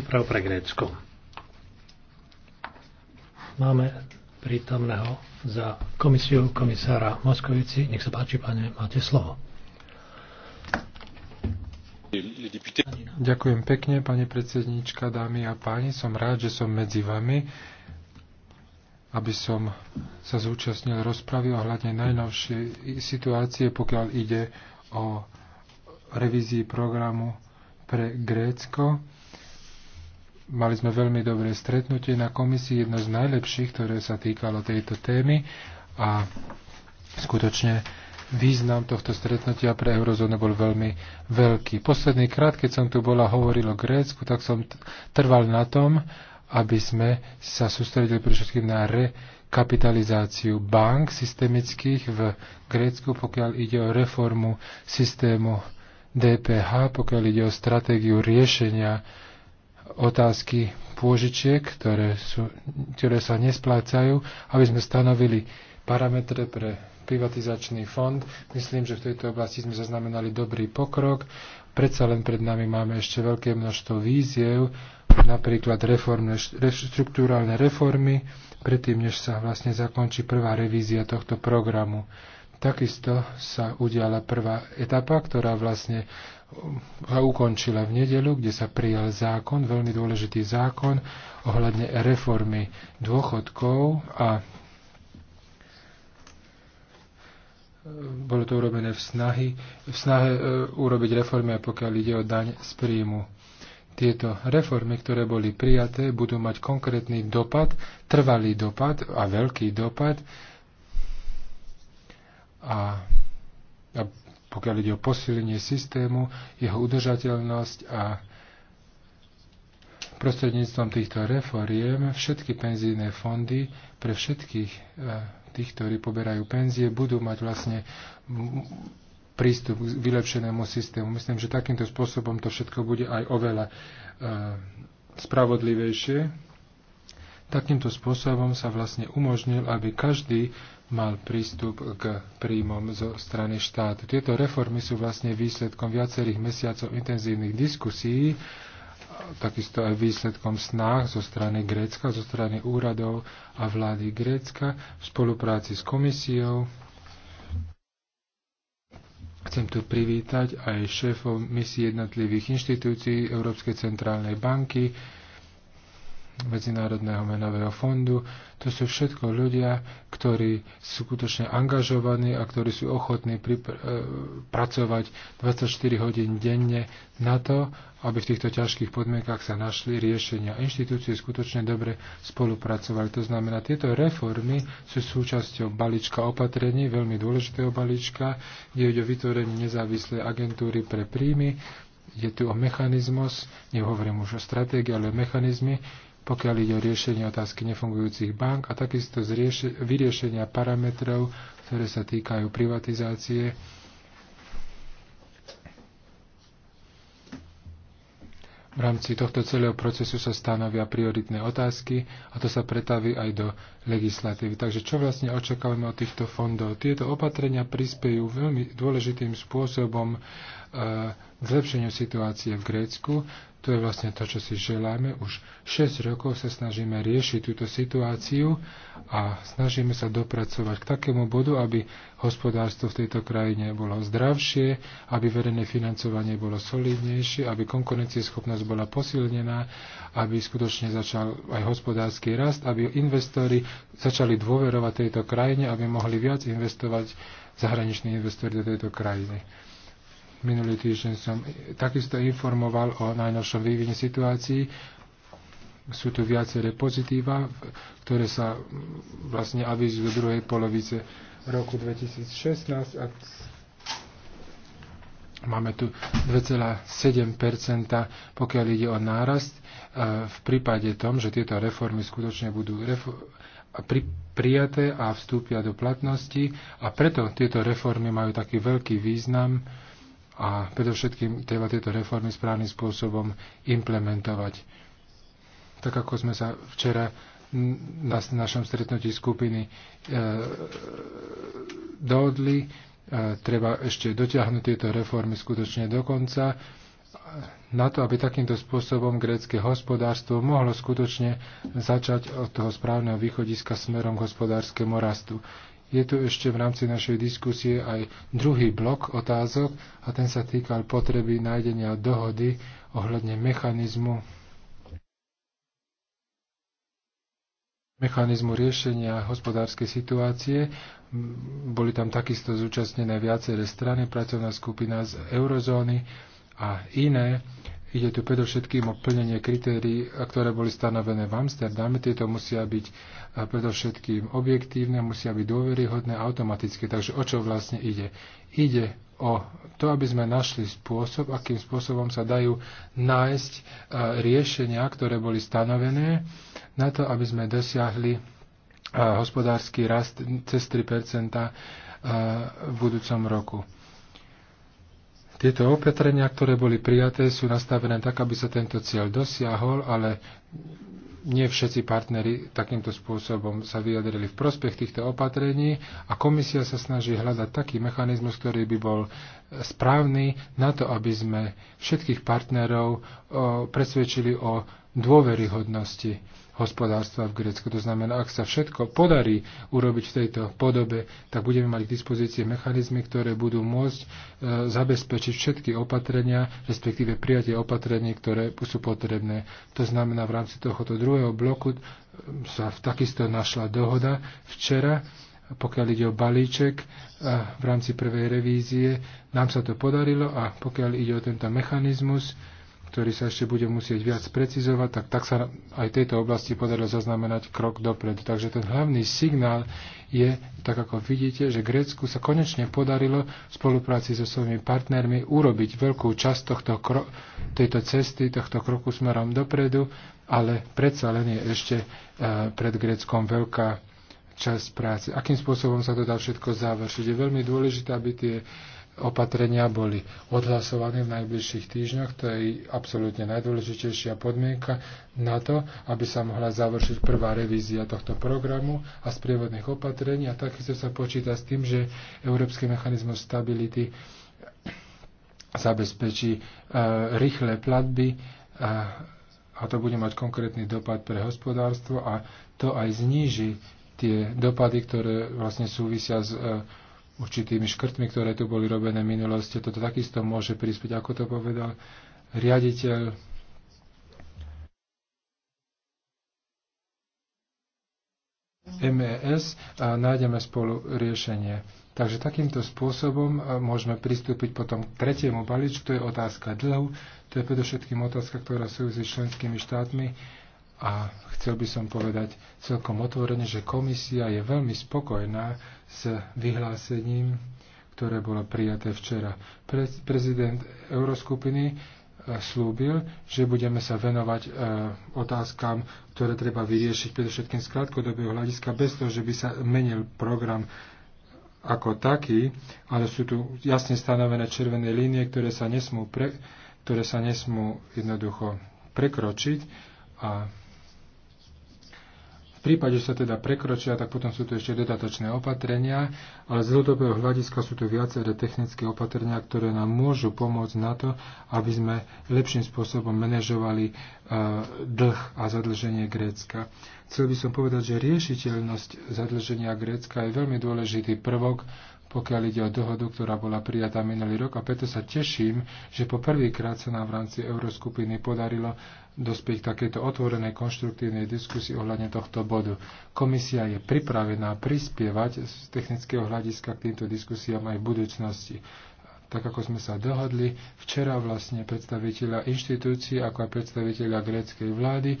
úprav pre Grécko. Máme prítomného za komisiu komisára Moskovici. Nech sa páči, pane, máte slovo. Ďakujem pekne, pani predsednička, dámy a páni. Som rád, že som medzi vami, aby som sa zúčastnil rozpravy ohľadne najnovšej situácie, pokiaľ ide o revízii programu pre Grécko Mali sme veľmi dobré stretnutie na komisii, jedno z najlepších, ktoré sa týkalo tejto témy a skutočne význam tohto stretnutia pre eurozónu bol veľmi veľký. Posledný krát, keď som tu bola hovoril o Grécku, tak som trval na tom, aby sme sa sústredili pre všetkým na rekapitalizáciu bank systemických v Grécku, pokiaľ ide o reformu systému DPH, pokiaľ ide o stratégiu riešenia otázky pôžičiek, ktoré, sú, ktoré sa nesplácajú, aby sme stanovili parametre pre privatizačný fond. Myslím, že v tejto oblasti sme zaznamenali dobrý pokrok. Predsa len pred nami máme ešte veľké množstvo víziev, napríklad reformné, štruktúrálne reformy, predtým, než sa vlastne zakončí prvá revízia tohto programu. Takisto sa udiala prvá etapa, ktorá vlastne sa ukončila v nedelu, kde sa prijal zákon, veľmi dôležitý zákon ohľadne reformy dôchodkov a bolo to urobené v, snahy, v snahe e, urobiť reformy, pokiaľ ide o daň z príjmu. Tieto reformy, ktoré boli prijaté, budú mať konkrétny dopad, trvalý dopad a veľký dopad a, a pokiaľ ide o posilenie systému, jeho udržateľnosť a prostredníctvom týchto reforiem všetky penzíne fondy pre všetkých e, tých, ktorí poberajú penzie, budú mať vlastne prístup k vylepšenému systému. Myslím, že takýmto spôsobom to všetko bude aj oveľa e, spravodlivejšie. Takýmto spôsobom sa vlastne umožnil, aby každý mal prístup k príjmom zo strany štátu. Tieto reformy sú vlastne výsledkom viacerých mesiacov intenzívnych diskusí, takisto aj výsledkom snách zo strany Grécka, zo strany úradov a vlády Grécka v spolupráci s komisiou. Chcem tu privítať aj šéfov misií jednotlivých inštitúcií Európskej centrálnej banky, Medzinárodného menového fondu. To sú všetko ľudia, ktorí sú skutočne angažovaní a ktorí sú ochotní pripr- e, pracovať 24 hodín denne na to, aby v týchto ťažkých podmienkach sa našli riešenia. Inštitúcie skutočne dobre spolupracovali. To znamená, tieto reformy sú súčasťou balíčka opatrení, veľmi dôležitého balíčka, kde ide o vytvorenie nezávislej agentúry pre príjmy. Je tu o mechanizmus, nehovorím už o stratégii, ale o mechanizmy, pokiaľ ide o riešenie otázky nefungujúcich bank a takisto zrieš- vyriešenia parametrov, ktoré sa týkajú privatizácie. V rámci tohto celého procesu sa stanovia prioritné otázky a to sa pretaví aj do legislatívy. Takže čo vlastne očakávame od týchto fondov? Tieto opatrenia prispejú veľmi dôležitým spôsobom eh, k zlepšeniu situácie v Grécku, to je vlastne to, čo si želáme. Už 6 rokov sa snažíme riešiť túto situáciu a snažíme sa dopracovať k takému bodu, aby hospodárstvo v tejto krajine bolo zdravšie, aby verejné financovanie bolo solidnejšie, aby konkurencieschopnosť bola posilnená, aby skutočne začal aj hospodársky rast, aby investori začali dôverovať tejto krajine, aby mohli viac investovať zahraniční investori do tejto krajiny. Minulý týždeň som takisto informoval o najnovšom vývine situácií. Sú tu viaceré pozitíva, ktoré sa vlastne avizujú do druhej polovice roku 2016 a Máme tu 2,7 pokiaľ ide o nárast. E, v prípade tom, že tieto reformy skutočne budú pri- prijaté a vstúpia do platnosti a preto tieto reformy majú taký veľký význam, a predovšetkým treba tieto reformy správnym spôsobom implementovať. Tak ako sme sa včera na našom stretnutí skupiny e, dohodli, e, treba ešte dotiahnuť tieto reformy skutočne do konca, na to, aby takýmto spôsobom grécke hospodárstvo mohlo skutočne začať od toho správneho východiska smerom k hospodárskemu rastu je tu ešte v rámci našej diskusie aj druhý blok otázok a ten sa týkal potreby nájdenia dohody ohľadne mechanizmu mechanizmu riešenia hospodárskej situácie. Boli tam takisto zúčastnené viaceré strany, pracovná skupina z eurozóny a iné Ide tu predovšetkým o plnenie kritérií, ktoré boli stanovené v Amsterdame. Tieto musia byť e, predovšetkým objektívne, musia byť dôveryhodné automaticky. Takže o čo vlastne ide? Ide o to, aby sme našli spôsob, akým spôsobom sa dajú nájsť e, riešenia, ktoré boli stanovené, na to, aby sme dosiahli e, hospodársky rast cez 3 v budúcom roku. Tieto opatrenia, ktoré boli prijaté, sú nastavené tak, aby sa tento cieľ dosiahol, ale nie všetci partnery takýmto spôsobom sa vyjadrili v prospech týchto opatrení a komisia sa snaží hľadať taký mechanizmus, ktorý by bol správny na to, aby sme všetkých partnerov eh, presvedčili o dôveryhodnosti hospodárstva v Grécku. To znamená, ak sa všetko podarí urobiť v tejto podobe, tak budeme mať k dispozícii mechanizmy, ktoré budú môcť e, zabezpečiť všetky opatrenia, respektíve prijatie opatrení, ktoré sú potrebné. To znamená, v rámci tohoto druhého bloku e, sa takisto našla dohoda včera, pokiaľ ide o balíček e, v rámci prvej revízie. Nám sa to podarilo a pokiaľ ide o tento mechanizmus, ktorý sa ešte bude musieť viac precizovať, tak, tak sa aj v tejto oblasti podarilo zaznamenať krok dopredu. Takže ten hlavný signál je, tak ako vidíte, že Grécku sa konečne podarilo v spolupráci so svojimi partnermi urobiť veľkú časť tohto kro- tejto cesty, tohto kroku smerom dopredu, ale predsa len je ešte e, pred Gréckom veľká časť práce. Akým spôsobom sa to dá všetko završiť? Je veľmi dôležité, aby tie opatrenia boli odhlasované v najbližších týždňoch. To je absolútne najdôležitejšia podmienka na to, aby sa mohla završiť prvá revízia tohto programu a sprievodných opatrení. A takisto sa počíta s tým, že Európsky mechanizmus stability zabezpečí e, rýchle platby e, a to bude mať konkrétny dopad pre hospodárstvo a to aj zníži tie dopady, ktoré vlastne súvisia s e, určitými škrtmi, ktoré tu boli robené v minulosti. Toto takisto môže prispieť, ako to povedal riaditeľ MES a nájdeme spolu riešenie. Takže takýmto spôsobom môžeme pristúpiť potom k tretiemu balíčku, to je otázka dlhu, to je predovšetkým otázka, ktorá súvisí s členskými štátmi a chcel by som povedať celkom otvorene, že komisia je veľmi spokojná s vyhlásením, ktoré bolo prijaté včera. Pre, prezident Euroskupiny e, slúbil, že budeme sa venovať e, otázkam, ktoré treba vyriešiť predovšetkým z krátkodobého hľadiska, bez toho, že by sa menil program ako taký, ale sú tu jasne stanovené červené línie, ktoré sa nesmú, pre, ktoré sa nesmú jednoducho prekročiť a v prípade, že sa teda prekročia, tak potom sú to ešte dodatočné opatrenia, ale z dlhodobého hľadiska sú to viaceré technické opatrenia, ktoré nám môžu pomôcť na to, aby sme lepším spôsobom manažovali e, dlh a zadlženie Grécka. Chcel by som povedať, že riešiteľnosť zadlženia Grécka je veľmi dôležitý prvok pokiaľ ide o dohodu, ktorá bola prijatá minulý rok a preto sa teším, že po prvýkrát sa nám v rámci Euroskupiny podarilo dospieť k takéto otvorenej konštruktívnej diskusii ohľadne tohto bodu. Komisia je pripravená prispievať z technického hľadiska k týmto diskusiám aj v budúcnosti tak ako sme sa dohodli, včera vlastne predstaviteľa inštitúcií, ako aj predstaviteľa gréckej vlády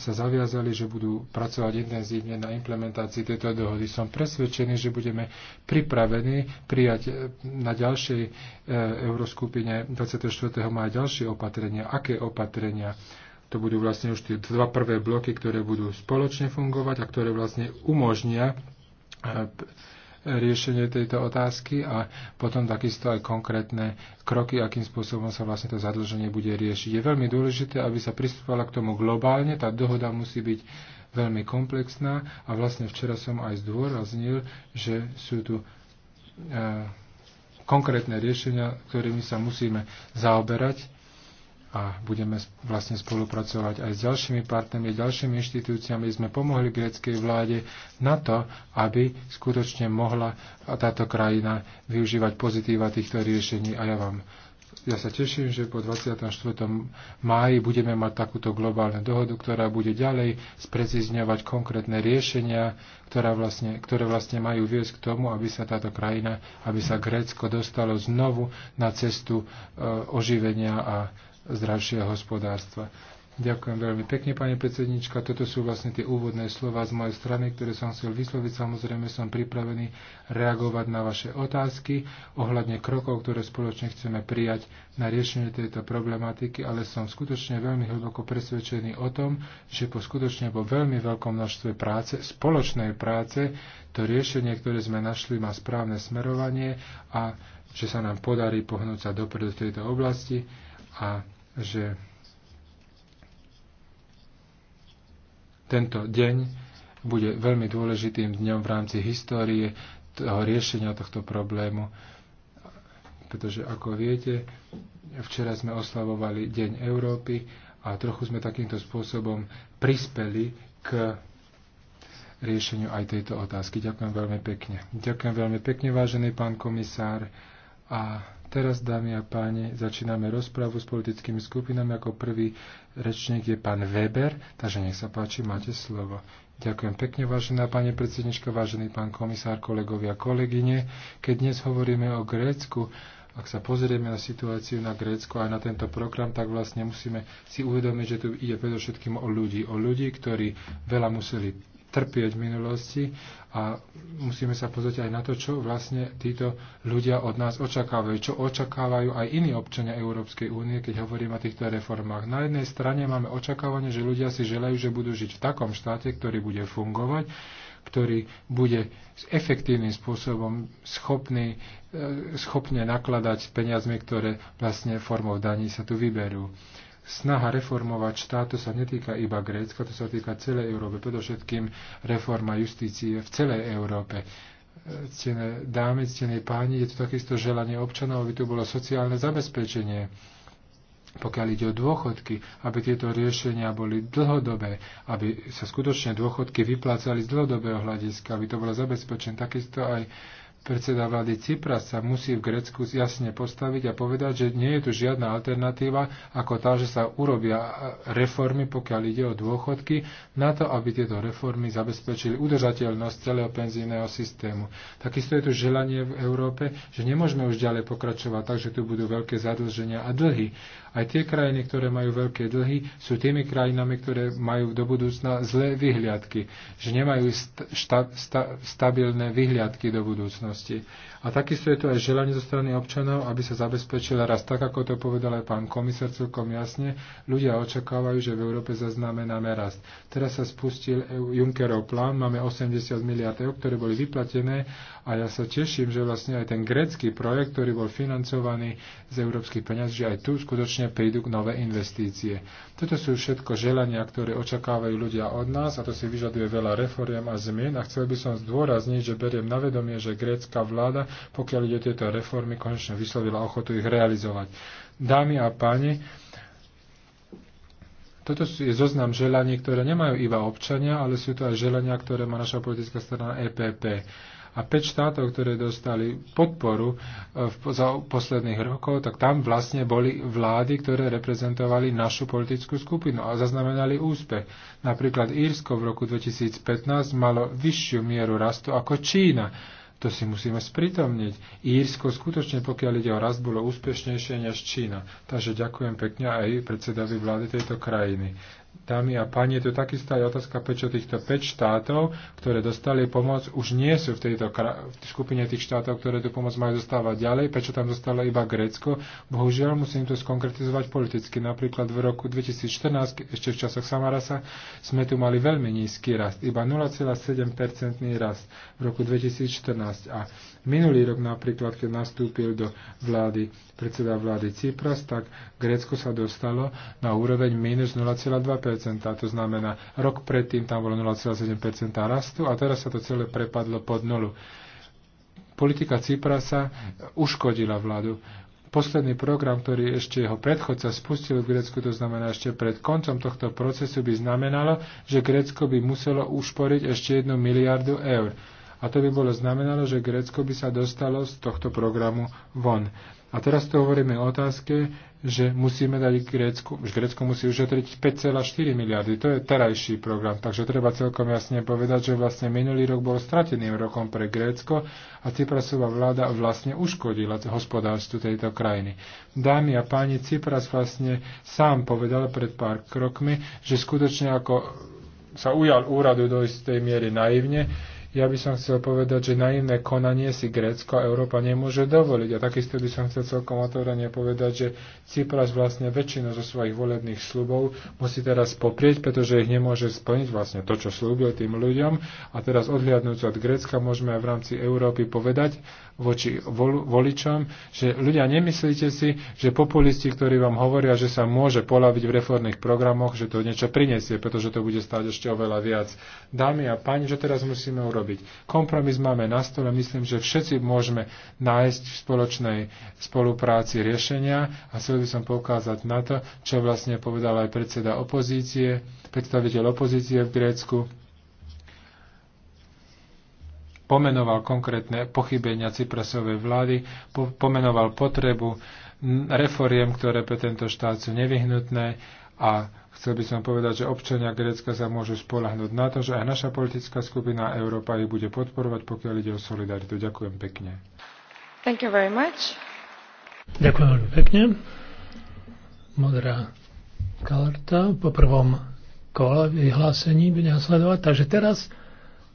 sa zaviazali, že budú pracovať intenzívne na implementácii tejto dohody. Som presvedčený, že budeme pripravení prijať e, na ďalšej e, euroskupine 24. maja ďalšie opatrenia. Aké opatrenia? To budú vlastne už tie dva prvé bloky, ktoré budú spoločne fungovať a ktoré vlastne umožnia e, riešenie tejto otázky a potom takisto aj konkrétne kroky, akým spôsobom sa vlastne to zadlženie bude riešiť. Je veľmi dôležité, aby sa pristupovala k tomu globálne, tá dohoda musí byť veľmi komplexná a vlastne včera som aj zdôraznil, že sú tu e, konkrétne riešenia, ktorými sa musíme zaoberať a budeme vlastne spolupracovať aj s ďalšími partnermi, ďalšími inštitúciami, sme pomohli gréckej vláde na to, aby skutočne mohla táto krajina využívať pozitíva týchto riešení. A ja vám ja sa teším, že po 24. máji budeme mať takúto globálnu dohodu, ktorá bude ďalej sprecizňovať konkrétne riešenia, ktorá vlastne, ktoré vlastne majú viesť k tomu, aby sa táto krajina, aby sa Grécko dostalo znovu na cestu e, oživenia a zdravšieho hospodárstva. Ďakujem veľmi pekne, pani predsednička. Toto sú vlastne tie úvodné slova z mojej strany, ktoré som chcel vysloviť. Samozrejme som pripravený reagovať na vaše otázky ohľadne krokov, ktoré spoločne chceme prijať na riešenie tejto problematiky, ale som skutočne veľmi hlboko presvedčený o tom, že po skutočne po veľmi veľkom množstve práce, spoločnej práce, to riešenie, ktoré sme našli, má správne smerovanie a že sa nám podarí pohnúť sa dopredu v tejto oblasti a že tento deň bude veľmi dôležitým dňom v rámci histórie toho riešenia tohto problému, pretože ako viete, včera sme oslavovali Deň Európy a trochu sme takýmto spôsobom prispeli k riešeniu aj tejto otázky. Ďakujem veľmi pekne. Ďakujem veľmi pekne, vážený pán komisár. A Teraz, dámy a páni, začíname rozprávu s politickými skupinami. Ako prvý rečník je pán Weber, takže nech sa páči, máte slovo. Ďakujem pekne, vážená pani predsednička, vážený pán komisár, kolegovia, kolegyne. Keď dnes hovoríme o Grécku, ak sa pozrieme na situáciu na Grécku a na tento program, tak vlastne musíme si uvedomiť, že tu ide predovšetkým o ľudí. O ľudí, ktorí veľa museli trpieť v minulosti a musíme sa pozrieť aj na to, čo vlastne títo ľudia od nás očakávajú, čo očakávajú aj iní občania Európskej únie, keď hovoríme o týchto reformách. Na jednej strane máme očakávanie, že ľudia si želajú, že budú žiť v takom štáte, ktorý bude fungovať, ktorý bude efektívnym spôsobom schopný, eh, schopne nakladať s peniazmi, ktoré vlastne formou daní sa tu vyberú snaha reformovať to sa netýka iba Grécka, to sa týka celej Európy, predovšetkým reforma justície v celej Európe. Ctené dámy, ctené páni, je to takisto želanie občanov, aby tu bolo sociálne zabezpečenie pokiaľ ide o dôchodky, aby tieto riešenia boli dlhodobé, aby sa skutočne dôchodky vyplácali z dlhodobého hľadiska, aby to bolo zabezpečené. Takisto aj predseda vlády Cipras sa musí v Grécku jasne postaviť a povedať, že nie je tu žiadna alternatíva ako tá, že sa urobia reformy, pokiaľ ide o dôchodky, na to, aby tieto reformy zabezpečili udržateľnosť celého penzijného systému. Takisto je tu želanie v Európe, že nemôžeme už ďalej pokračovať, takže tu budú veľké zadlženia a dlhy. Aj tie krajiny, ktoré majú veľké dlhy, sú tými krajinami, ktoré majú do budúcna zlé vyhliadky, že nemajú sta- sta- stabilné vyhliadky do budúcnosti. A takisto je tu aj želanie zo strany občanov, aby sa zabezpečila raz tak, ako to povedal aj pán komisár celkom jasne, ľudia očakávajú, že v Európe zaznamenáme rast. Teraz sa spustil Junckerov plán, máme 80 miliard eur, ktoré boli vyplatené a ja sa teším, že vlastne aj ten grécky projekt, ktorý bol financovaný z európskych peňazí, že aj tu skutočne prídu nové investície. Toto sú všetko želania, ktoré očakávajú ľudia od nás a to si vyžaduje veľa reforiem a zmien a chcel by som zdôrazniť, že beriem na vedomie, že grécka vláda pokiaľ ide o tieto reformy, konečne vyslovila ochotu ich realizovať. Dámy a páni, toto je zoznam želaní, ktoré nemajú iba občania, ale sú to aj želania, ktoré má naša politická strana EPP. A 5 štátov, ktoré dostali podporu e, v, za posledných rokov, tak tam vlastne boli vlády, ktoré reprezentovali našu politickú skupinu a zaznamenali úspech. Napríklad Írsko v roku 2015 malo vyššiu mieru rastu ako Čína to si musíme spritomniť. Írsko skutočne, pokiaľ ide o rast, bolo úspešnejšie než Čína. Takže ďakujem pekne aj predsedovi vlády tejto krajiny. Dámy a páni, je tu takisto aj otázka, prečo týchto 5 štátov, ktoré dostali pomoc, už nie sú v tejto v skupine tých štátov, ktoré tú pomoc majú dostávať ďalej, prečo tam dostalo iba Grécko. Bohužiaľ, musím to skonkretizovať politicky. Napríklad v roku 2014, ešte v časoch Samarasa, sme tu mali veľmi nízky rast, iba 0,7% rast v roku 2014. A Minulý rok napríklad, keď nastúpil do vlády predseda vlády Cypras, tak Grécko sa dostalo na úroveň minus 0,2%. To znamená, rok predtým tam bolo 0,7% rastu a teraz sa to celé prepadlo pod nulu. Politika Cyprasa uškodila vládu posledný program, ktorý ešte jeho predchodca spustil v Grécku, to znamená ešte pred koncom tohto procesu, by znamenalo, že Grécko by muselo ušporiť ešte jednu miliardu eur. A to by bolo znamenalo, že Grécko by sa dostalo z tohto programu von. A teraz to hovoríme o otázke, že musíme dať Grécku, už Grécko musí ušetriť 5,4 miliardy. To je terajší program, takže treba celkom jasne povedať, že vlastne minulý rok bol strateným rokom pre Grécko a Cyprasová vláda vlastne uškodila hospodárstvu tejto krajiny. Dámy a páni, Cypras vlastne sám povedal pred pár krokmi, že skutočne ako sa ujal úradu do istej miery naivne, ja by som chcel povedať, že naivné konanie si Grécko a Európa nemôže dovoliť. A takisto by som chcel celkom otvorene povedať, že Cypras vlastne väčšinu zo svojich volebných slubov musí teraz poprieť, pretože ich nemôže splniť vlastne to, čo slúbil tým ľuďom. A teraz odhliadnúť od Grécka môžeme aj v rámci Európy povedať, voči voličom, že ľudia nemyslíte si, že populisti, ktorí vám hovoria, že sa môže polaviť v reformných programoch, že to niečo prinesie, pretože to bude stáť ešte oveľa viac. Dámy a páni, že teraz musíme urobiť? Kompromis máme na stole, myslím, že všetci môžeme nájsť v spoločnej spolupráci riešenia a chcel by som poukázať na to, čo vlastne povedal aj predseda opozície, predstaviteľ opozície v Grécku, pomenoval konkrétne pochybenia Cyprasovej vlády, po, pomenoval potrebu reforiem, ktoré pre tento štát sú nevyhnutné a chcel by som povedať, že občania Grécka sa môžu spolahnúť na to, že aj naša politická skupina Európa ich bude podporovať, pokiaľ ide o solidaritu. Ďakujem pekne. Thank you very much. Ďakujem veľmi pekne. Modrá karta po prvom kole vyhlásení bude nasledovať. Takže teraz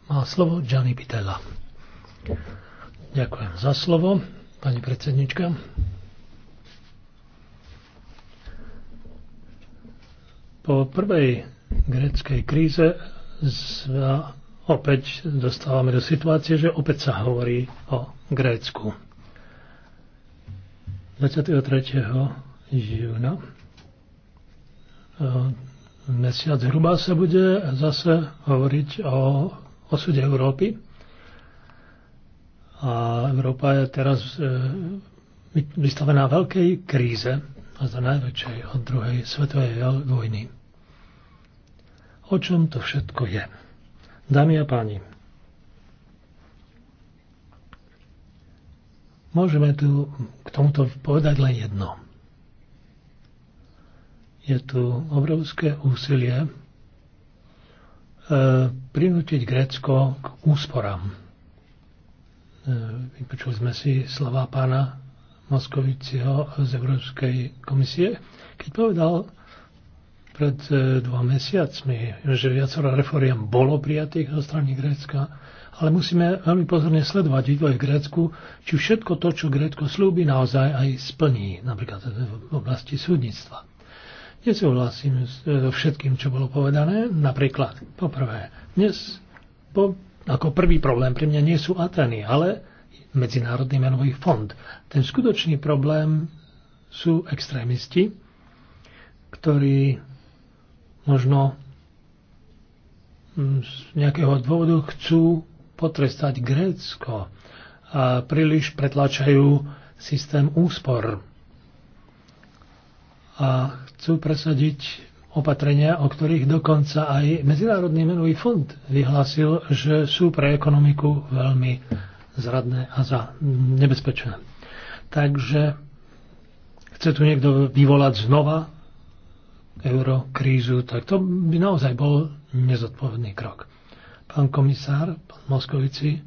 má slovo Gianni Pitella. Ďakujem za slovo, pani predsednička. Po prvej greckej kríze sa opäť dostávame do situácie, že opäť sa hovorí o Grécku. 23. júna e, mesiac hruba sa bude zase hovoriť o osude Európy. A Európa je teraz e, vystavená veľkej kríze, a za najväčšej od druhej svetovej vojny. O čom to všetko je? Dámy a páni, môžeme tu k tomuto povedať len jedno. Je tu obrovské úsilie e, prinútiť Grécko k úsporám. E, vypočuli sme si slova pána Moskovicieho z Európskej komisie, keď povedal pred e, dva mesiacmi, že viacero reforiem bolo prijatých zo strany Grécka, ale musíme veľmi pozorne sledovať vývoj v Grécku, či všetko to, čo Grécko slúbi, naozaj aj splní, napríklad v oblasti súdnictva. Nesúhlasím e, so všetkým, čo bolo povedané. Napríklad, poprvé, dnes bo ako prvý problém pre mňa nie sú Ateny, ale Medzinárodný menový fond. Ten skutočný problém sú extrémisti, ktorí možno mm, z nejakého dôvodu chcú potrestať Grécko a príliš pretlačajú systém úspor a chcú presadiť opatrenia, o ktorých dokonca aj Medzinárodný menový fond vyhlásil, že sú pre ekonomiku veľmi zradné a za nebezpečné. Takže chce tu niekto vyvolať znova eurokrízu, tak to by naozaj bol nezodpovedný krok. Pán komisár, pán Moskovici,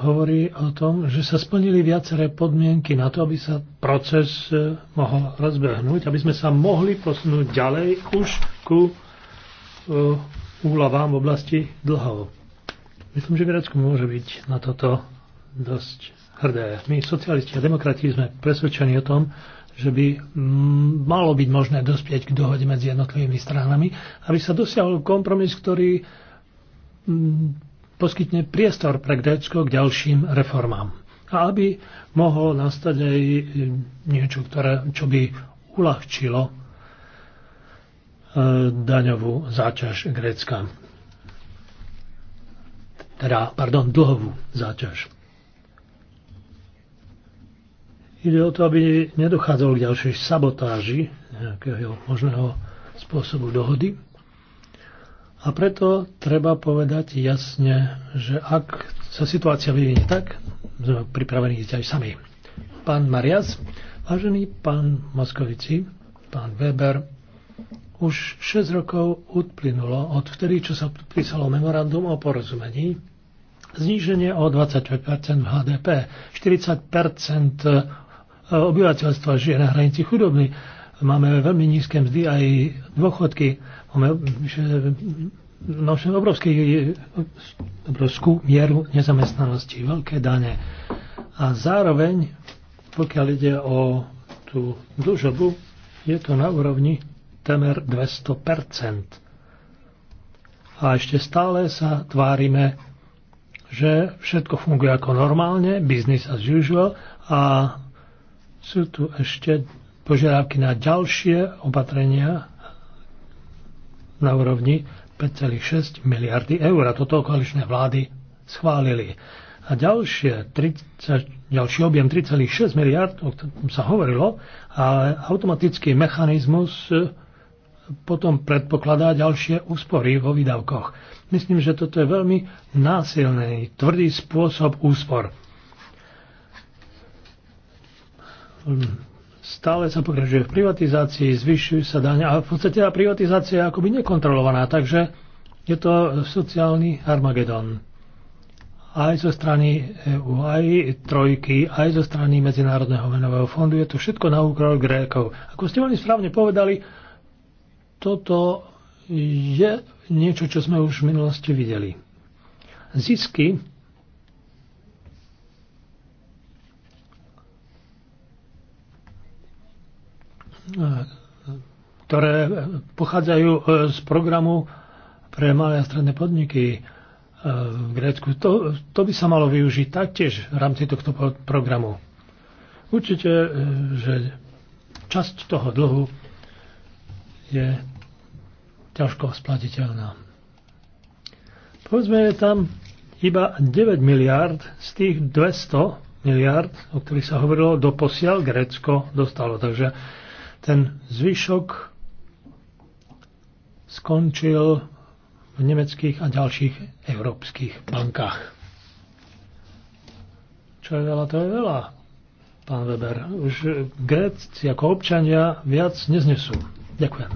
hovorí o tom, že sa splnili viaceré podmienky na to, aby sa proces e, mohol rozbehnúť, aby sme sa mohli posunúť ďalej už ku e, úľavám v oblasti dlhov. Myslím, že Grécko môže byť na toto dosť hrdé. My, socialisti a demokrati, sme presvedčení o tom, že by malo byť možné dospieť k dohode medzi jednotlivými stranami, aby sa dosiahol kompromis, ktorý poskytne priestor pre Grécko k ďalším reformám. A aby mohlo nastať aj e, niečo, ktoré, čo by uľahčilo e, daňovú záťaž Grécka. Teda, pardon, dlhovú záťaž. Ide o to, aby nedochádzalo k ďalšej sabotáži nejakého možného spôsobu dohody a preto treba povedať jasne, že ak sa situácia vyvinie tak, sme pripravení ísť aj sami. Pán Marias, vážený pán Moskovici, pán Weber, už 6 rokov uplynulo od vtedy, čo sa podpísalo memorandum o porozumení, zníženie o 25 v HDP, 40 obyvateľstva žije na hranici chudoby, máme veľmi nízke mzdy aj dôchodky Máme že, no, že obrovský, obrovskú mieru nezamestnanosti, veľké dane. A zároveň, pokiaľ ide o tú dužobu, je to na úrovni temer 200 a ešte stále sa tvárime, že všetko funguje ako normálne, business as usual a sú tu ešte požiadavky na ďalšie opatrenia na úrovni 5,6 miliardy eur. A toto koaličné vlády schválili. A ďalšie 30, ďalší objem 3,6 miliard, o ktorom sa hovorilo, a automatický mechanizmus e, potom predpokladá ďalšie úspory vo výdavkoch. Myslím, že toto je veľmi násilný, tvrdý spôsob úspor stále sa pokračuje v privatizácii, zvyšujú sa dane a v podstate tá privatizácia je akoby nekontrolovaná, takže je to sociálny Armagedon. Aj zo strany EU, aj trojky, aj zo strany Medzinárodného menového fondu je to všetko na úkor Grékov. Ako ste veľmi správne povedali, toto je niečo, čo sme už v minulosti videli. Zisky E, ktoré pochádzajú e, z programu pre malé a stredné podniky e, v Grécku. To, to by sa malo využiť taktiež v rámci tohto programu. Určite, že časť toho dlhu je ťažko splatiteľná. Povedzme, je tam iba 9 miliard z tých 200 miliard, o ktorých sa hovorilo, doposiaľ Grécko dostalo. Takže ten zvyšok skončil v nemeckých a ďalších európskych bankách. Čo je veľa, to je veľa, pán Weber. Už Gréci ako občania viac neznesú. Ďakujem.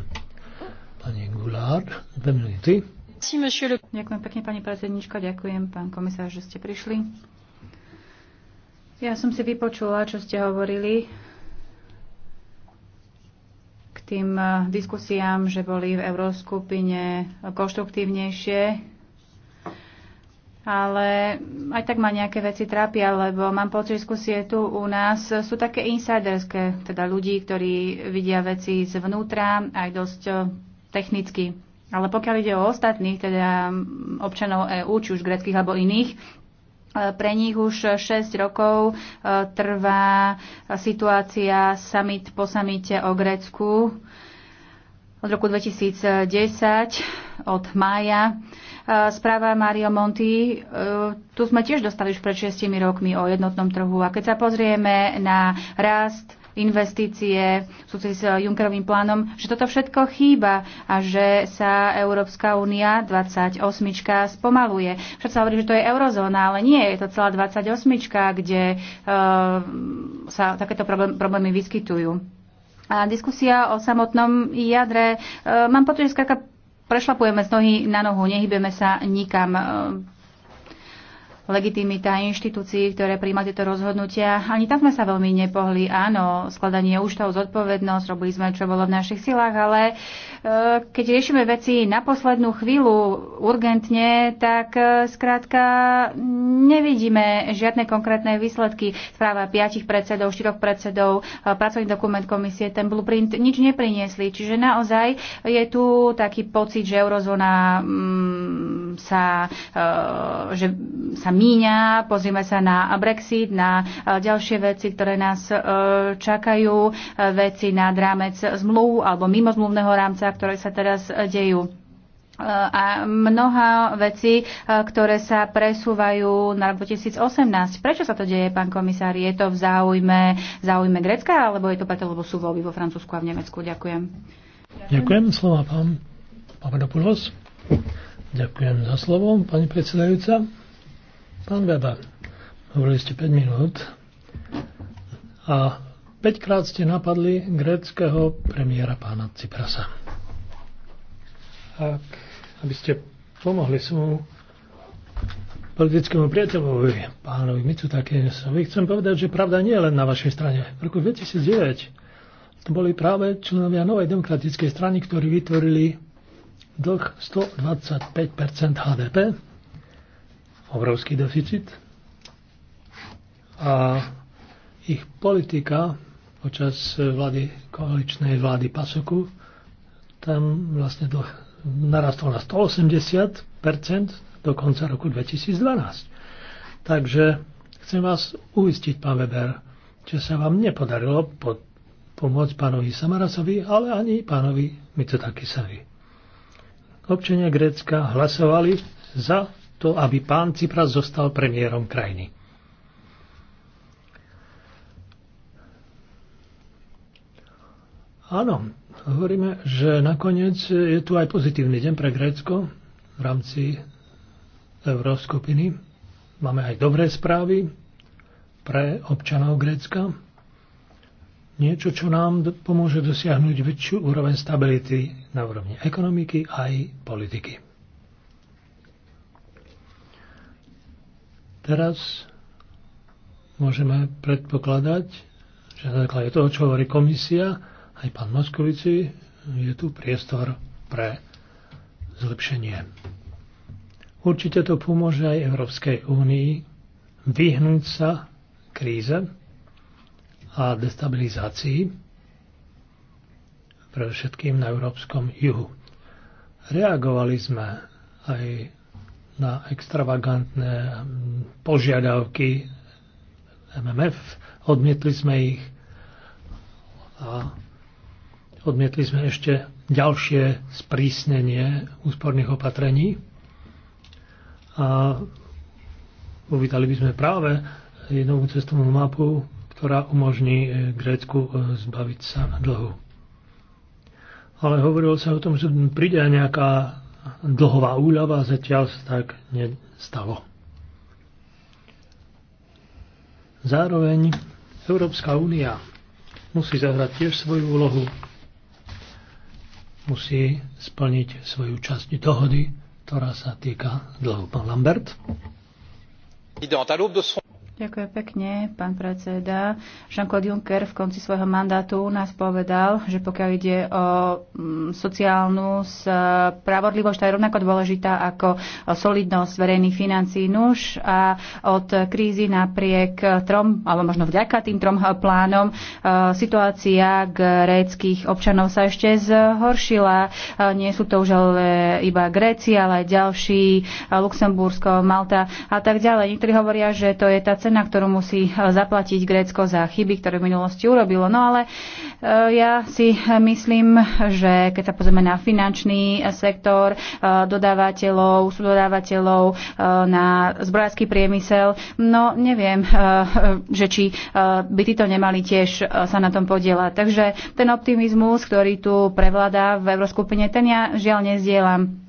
Pani Gulard, dve minúty. Ďakujem pekne, pani predsednička, ďakujem, pán komisár, že ste prišli. Ja som si vypočula, čo ste hovorili tým e, diskusiám, že boli v Euróskupine konštruktívnejšie, ale aj tak ma nejaké veci trápia, lebo mám pocit, že diskusie tu u nás sú také insiderské, teda ľudí, ktorí vidia veci zvnútra, aj dosť e, technicky. Ale pokiaľ ide o ostatných, teda občanov EÚ, či už greckých alebo iných, pre nich už 6 rokov e, trvá situácia summit po samite o Grécku od roku 2010, od mája. E, správa Mario Monti, e, tu sme tiež dostali už pred 6 rokmi o jednotnom trhu. A keď sa pozrieme na rast investície v súci s Junckerovým plánom, že toto všetko chýba a že sa Európska únia 28 spomaluje. Všetko sa hovorí, že to je eurozóna, ale nie, je to celá 28, kde uh, sa takéto problémy vyskytujú. A diskusia o samotnom jadre, uh, mám pocit, že prešlapujeme z nohy na nohu, nehybeme sa nikam. Uh, legitimita inštitúcií, ktoré príjma tieto rozhodnutia. Ani tam sme sa veľmi nepohli. Áno, skladanie už toho zodpovednosť, robili sme, čo bolo v našich silách, ale e, keď riešime veci na poslednú chvíľu urgentne, tak e, skrátka nevidíme žiadne konkrétne výsledky. Správa piatich predsedov, štyroch predsedov, e, pracovný dokument komisie, ten blueprint, nič nepriniesli. Čiže naozaj je tu taký pocit, že eurozóna mm, sa, e, že sa míňa, pozrieme sa na Brexit, na e, ďalšie veci, ktoré nás e, čakajú, e, veci na rámec zmluv alebo mimo zmluvného rámca, ktoré sa teraz dejú a mnoha veci, ktoré sa presúvajú na rok 2018. Prečo sa to deje, pán komisár? Je to v záujme, záujme Grecka, alebo je to preto, lebo sú voľby vo Francúzsku a v Nemecku? Ďakujem. Ďakujem. Slova pán Papadopoulos. Ďakujem za slovo, pani predsedajúca. Pán Weber, hovorili ste 5 minút a 5 krát ste napadli gréckého premiéra pána Ciprasa. Ak, aby ste pomohli svojmu politickému priateľovi, pánovi Mitsutakisovi, chcem povedať, že pravda nie je len na vašej strane. V roku 2009 to boli práve členovia Novej demokratickej strany, ktorí vytvorili dlh 125 HDP obrovský deficit a ich politika počas vlády, koaličnej vlády Pasoku, tam vlastne do, narastol na 180 do konca roku 2012. Takže chcem vás uistiť, pán Weber, že sa vám nepodarilo pod, pomôcť pánovi Samarasovi, ale ani pánovi Mitsotakisovi. Občania Grécka hlasovali za to, aby pán Cipras zostal premiérom krajiny. Áno, hovoríme, že nakoniec je tu aj pozitívny deň pre Grécko v rámci Euróskupiny. Máme aj dobré správy pre občanov Grécka. Niečo, čo nám pomôže dosiahnuť väčšiu úroveň stability na úrovni ekonomiky aj politiky. Teraz môžeme predpokladať, že na základe toho, čo hovorí komisia, aj pán Moskovici, je tu priestor pre zlepšenie. Určite to pomôže aj Európskej únii vyhnúť sa kríze a destabilizácii, pre všetkým na európskom juhu. Reagovali sme aj na extravagantné hm, požiadavky MMF. Odmietli sme ich a odmietli sme ešte ďalšie sprísnenie úsporných opatrení. A uvítali by sme práve jednovú cestovnú mapu, ktorá umožní e, Grécku e, zbaviť sa dlhu. Ale hovorilo sa o tom, že príde nejaká dlhová úľava zatiaľ sa tak nestalo. Zároveň Európska únia musí zahrať tiež svoju úlohu, musí splniť svoju časť dohody, ktorá sa týka dlhu. Pán Lambert. Ďakujem pekne, pán predseda. Jean-Claude Juncker v konci svojho mandátu nás povedal, že pokiaľ ide o mm, sociálnu spravodlivosť, e, tá je rovnako dôležitá ako e, solidnosť verejných financí. Nuž a od krízy napriek trom, alebo možno vďaka tým trom plánom, e, situácia gréckých občanov sa ešte zhoršila. Nie sú to už ale iba Grécia, ale aj ďalší, Luxembursko, Malta a tak ďalej. Niektorí hovoria, že to je tá cena, ktorú musí e, zaplatiť Grécko za chyby, ktoré v minulosti urobilo. No ale e, ja si myslím, že keď sa pozrieme na finančný e, sektor dodávateľov, subdodávateľov, na zbrojársky priemysel, no neviem, že či by títo nemali tiež sa na tom podielať. Takže ten optimizmus, ktorý tu prevládá v Euroskupine, ten ja žiaľ nezdielam.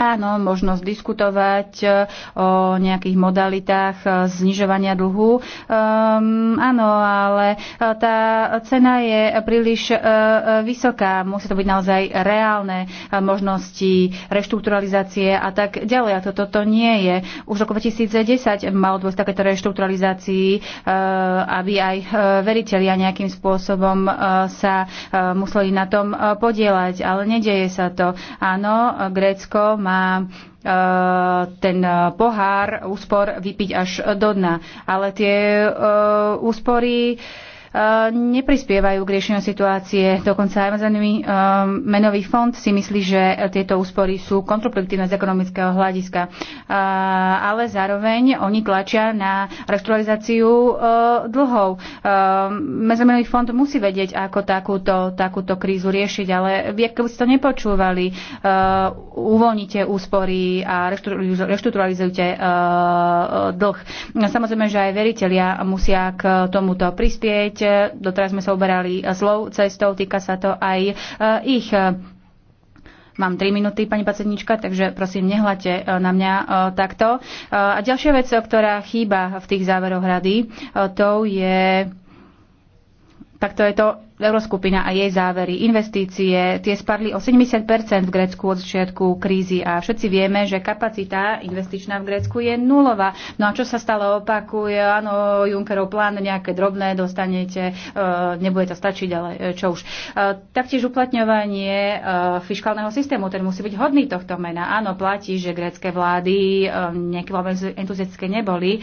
Áno, možnosť diskutovať e, o nejakých modalitách e, znižovania dlhu. Um, áno, ale e, tá cena je príliš uh, vysoká. Musí to byť naozaj reálne možnosti reštrukturalizácie a tak ďalej. A toto to nie je. Už v roku 2010 malo dôjsť takéto reštrukturalizácii, uh, aby aj uh, veriteľia nejakým spôsobom uh, sa uh, museli na tom uh, podielať. Ale nedeje sa to. Áno, Grécko má má e, ten pohár úspor vypiť až do dna. Ale tie e, úspory neprispievajú k riešeniu situácie. Dokonca aj um, menový fond si myslí, že tieto úspory sú kontraproduktívne z ekonomického hľadiska. Uh, ale zároveň oni tlačia na reštrukturalizáciu uh, dlhov. Medzimenový um, fond musí vedieť, ako takúto, takúto krízu riešiť, ale vy, keby ste to nepočúvali, uh, uvoľnite úspory a reštrukturalizujte dlh. No, samozrejme, že aj veriteľia musia k tomuto prispieť opäť, eh, doteraz sme sa uberali eh, zlou cestou, týka sa to aj eh, ich. Mám 3 minúty, pani pacetnička, takže prosím, nehľate na mňa takto. A ďalšia vec, ktorá chýba v tých záveroch rady, to je... Takto je to Euroskupina a jej závery, investície, tie spadli o 70 v Grécku od začiatku krízy a všetci vieme, že kapacita investičná v Grécku je nulová. No a čo sa stále opakuje? Áno, Junckerov plán nejaké drobné dostanete, e, nebude to stačiť, ale e, čo už. E, taktiež uplatňovanie fiskálneho systému, ten musí byť hodný tohto mena. Áno, platí, že grécké vlády nejaké entuziastické neboli,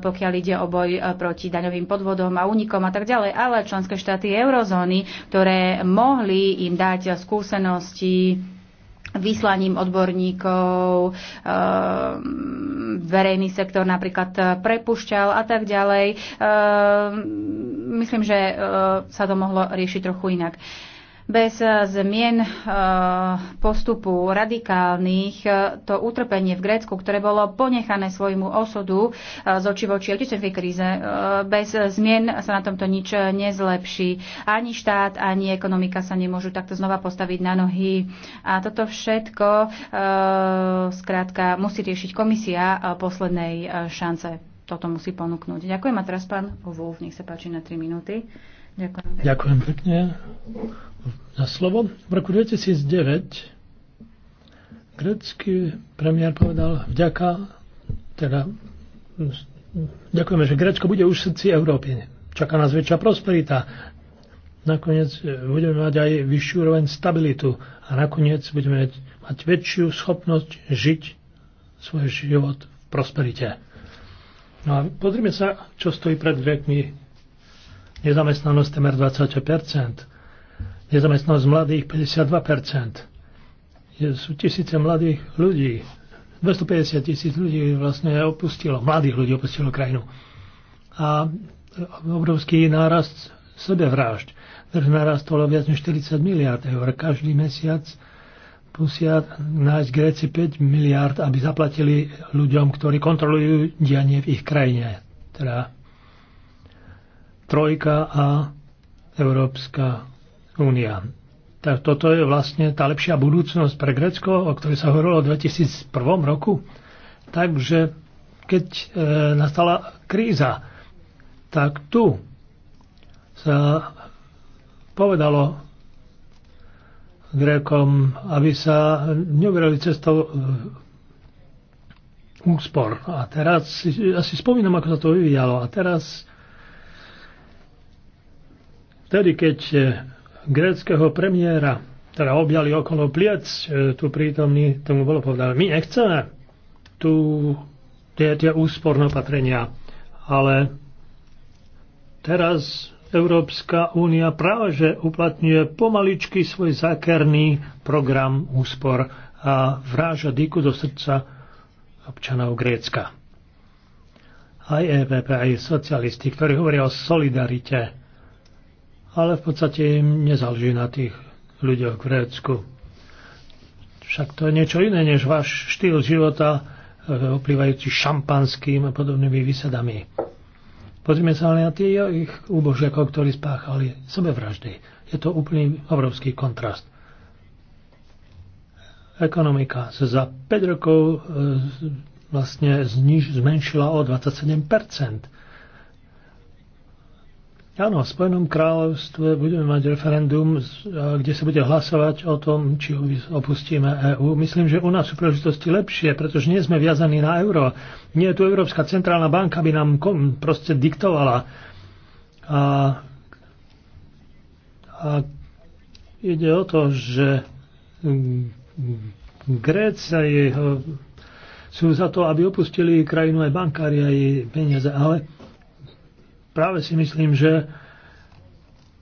pokiaľ ide o boj proti daňovým podvodom a únikom a tak ďalej, ale členské štáty euro eurozóny, ktoré mohli im dať skúsenosti vyslaním odborníkov, ehm, verejný sektor napríklad prepušťal a tak ďalej. Ehm, myslím, že ehm, sa to mohlo riešiť trochu inak. Bez eh, zmien eh, postupu radikálnych eh, to utrpenie v Grécku, ktoré bolo ponechané svojmu osudu z oči voči kríze, bez zmien sa na tomto nič nezlepší. Ani štát, ani ekonomika sa nemôžu takto znova postaviť na nohy. A toto všetko skrátka musí riešiť komisia poslednej šance. Toto musí ponúknuť. Ďakujem a teraz pán Wolf, nech sa páči na 3 minúty. Ďakujem. Ďakujem pekne za slovo. V roku 2009 grecký premiér povedal vďaka, teda ďakujeme, že Grécko bude už v srdci Európy. Čaká nás väčšia prosperita. Nakoniec e, budeme mať aj vyššiu úroveň stabilitu a nakoniec budeme mať väčšiu schopnosť žiť svoj život v prosperite. No a pozrime sa, čo stojí pred Grékmi. Nezamestnanosť temer 20 nezamestnanosť mladých 52 Sú tisíce mladých ľudí, 250 tisíc ľudí vlastne opustilo, mladých ľudí opustilo krajinu. A obrovský nárast sebevrážd. Drž narastolo viac než 40 miliard eur. Každý mesiac musia nájsť Gréci 5 miliard, aby zaplatili ľuďom, ktorí kontrolujú dianie v ich krajine. Teda Trojka a Európska únia. Tak toto je vlastne tá lepšia budúcnosť pre Grecko, o ktorej sa hovorilo v 2001 roku. Takže keď e, nastala kríza, tak tu sa povedalo Grékom, aby sa neuverili cestou e, úspor. A teraz, ja si spomínam, ako sa to vyvíjalo. A teraz, tedy keď e, gréckého premiéra, teda objali okolo pliec e, tu prítomný, tomu bolo povedané, my nechceme tu tie, tie úsporné opatrenia, ale teraz Európska únia práve že uplatňuje pomaličky svoj zákerný program úspor a vráža dýku do srdca občanov Grécka. Aj EPP, aj socialisti, ktorí hovoria o solidarite, ale v podstate im nezáleží na tých ľuďoch v Grécku. Však to je niečo iné než váš štýl života, e, oplývajúci šampanským a podobnými výsadami. Pozrime sa ale na tie ich úbožiakov, ktorí spáchali sebevraždy. Je to úplný obrovský kontrast. Ekonomika sa za 5 rokov e, vlastne zniž, zmenšila o 27 Áno, v Spojenom kráľovstve budeme mať referendum, e, kde sa bude hlasovať o tom, či opustíme EÚ. Myslím, že u nás sú príležitosti lepšie, pretože nie sme viazaní na euro. Nie je tu Európska centrálna banka, by nám proste diktovala. A, a ide o to, že Grécia je, e, sú za to, aby opustili krajinu aj bankári, aj peniaze, ale práve si myslím, že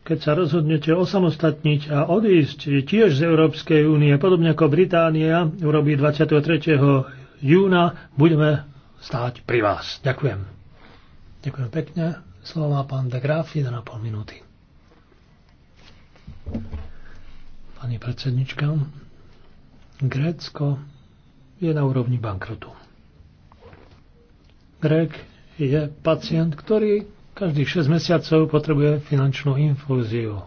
keď sa rozhodnete osamostatniť a odísť tiež z Európskej únie, podobne ako Británia urobí 23. júna, budeme stáť pri vás. Ďakujem. Ďakujem pekne. Slovo má pán de Graaf, 1,5 minúty. Pani predsednička, Grécko je na úrovni bankrotu. Grek je pacient, ktorý Každých 6 mesiacov potrebuje finančnú infúziu.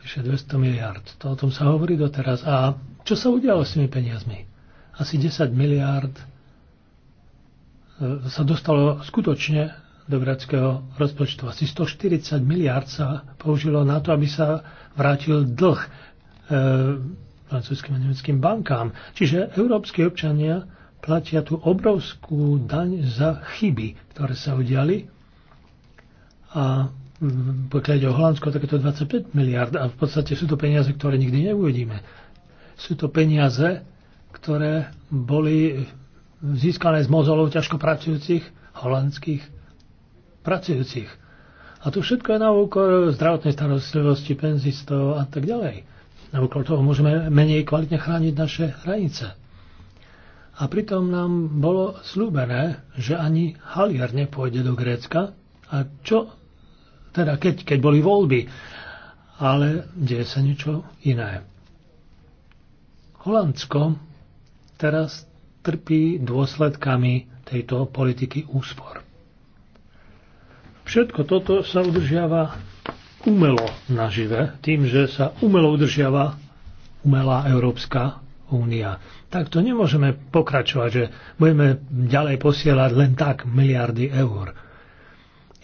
Vyše 200 miliard. To o tom sa hovorí doteraz. A čo sa udialo s tými peniazmi? Asi 10 miliard e, sa dostalo skutočne do gréckého rozpočtu. Asi 140 miliard sa použilo na to, aby sa vrátil dlh e, francúzským a nemeckým bankám. Čiže európsky občania platia tú obrovskú daň za chyby, ktoré sa udiali a mm, pokiaľ ide o Holandsko, tak je to 25 miliard a v podstate sú to peniaze, ktoré nikdy neuvidíme. Sú to peniaze, ktoré boli získané z mozolov ťažko pracujúcich holandských pracujúcich. A to všetko je na úkor zdravotnej starostlivosti, penzistov a tak ďalej. Na úkor toho môžeme menej kvalitne chrániť naše hranice. A pritom nám bolo slúbené, že ani Halier nepôjde do Grécka. A čo teda keď, keď boli voľby. Ale deje sa niečo iné. Holandsko teraz trpí dôsledkami tejto politiky úspor. Všetko toto sa udržiava umelo nažive, tým, že sa umelo udržiava umelá Európska únia. Tak to nemôžeme pokračovať, že budeme ďalej posielať len tak miliardy eur.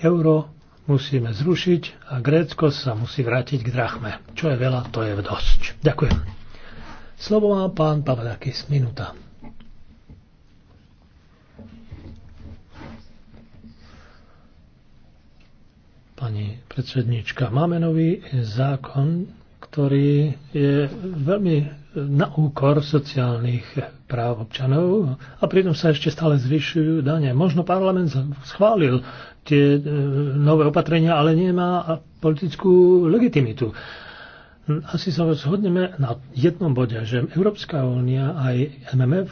Euro musíme zrušiť a Grécko sa musí vrátiť k drachme. Čo je veľa, to je dosť. Ďakujem. Slovo má pán Pavlakis, minúta. Pani predsednička, máme nový zákon, ktorý je veľmi na úkor sociálnych práv občanov a pritom sa ešte stále zvyšujú dane. Možno parlament schválil tie e, nové opatrenia, ale nemá politickú legitimitu. Asi sa zhodneme na jednom bode, že Európska únia aj MMF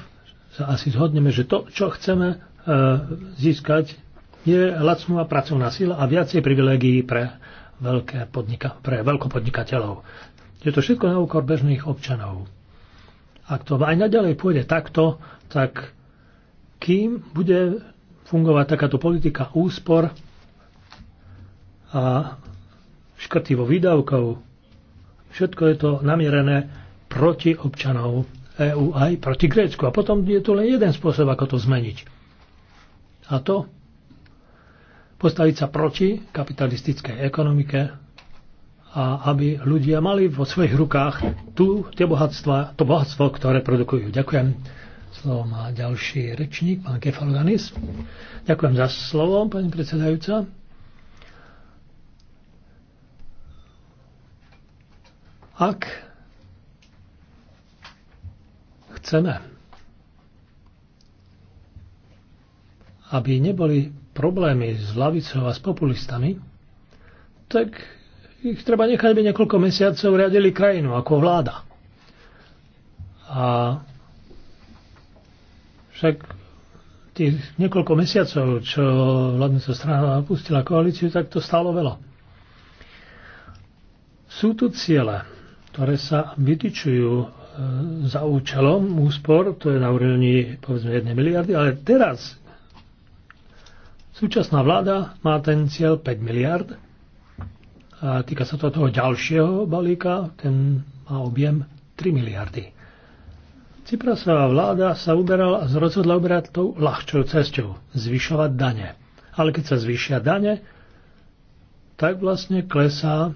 sa asi zhodneme, že to, čo chceme e, získať, je lacnú a pracovná sila a viacej privilegií pre veľké podnika, pre veľkopodnikateľov. Je to všetko na úkor bežných občanov. Ak to aj naďalej pôjde takto, tak kým bude fungovať takáto politika úspor a škrty vo výdavkov, všetko je to namierené proti občanov EÚ aj proti Grécku. A potom je tu len jeden spôsob, ako to zmeniť. A to postaviť sa proti kapitalistickej ekonomike a aby ľudia mali vo svojich rukách tu, tie bohatstva, to bohatstvo, ktoré produkujú. Ďakujem. Slovo má ďalší rečník, pán Kefalganis. Ďakujem za slovo, pani predsedajúca. Ak chceme, aby neboli problémy s lavicou a s populistami, tak ich treba nechať, aby niekoľko mesiacov riadili krajinu ako vláda. A však tých niekoľko mesiacov, čo vládnica strana opustila koalíciu, tak to stálo veľa. Sú tu ciele, ktoré sa vytyčujú e, za účelom úspor, to je na úrovni povedzme 1 miliardy, ale teraz súčasná vláda má ten cieľ 5 miliard a týka sa to toho ďalšieho balíka, ten má objem 3 miliardy. Cyprasová vláda sa uberala, rozhodla uberať tou ľahčou cestou, zvyšovať dane. Ale keď sa zvyšia dane, tak vlastne klesá,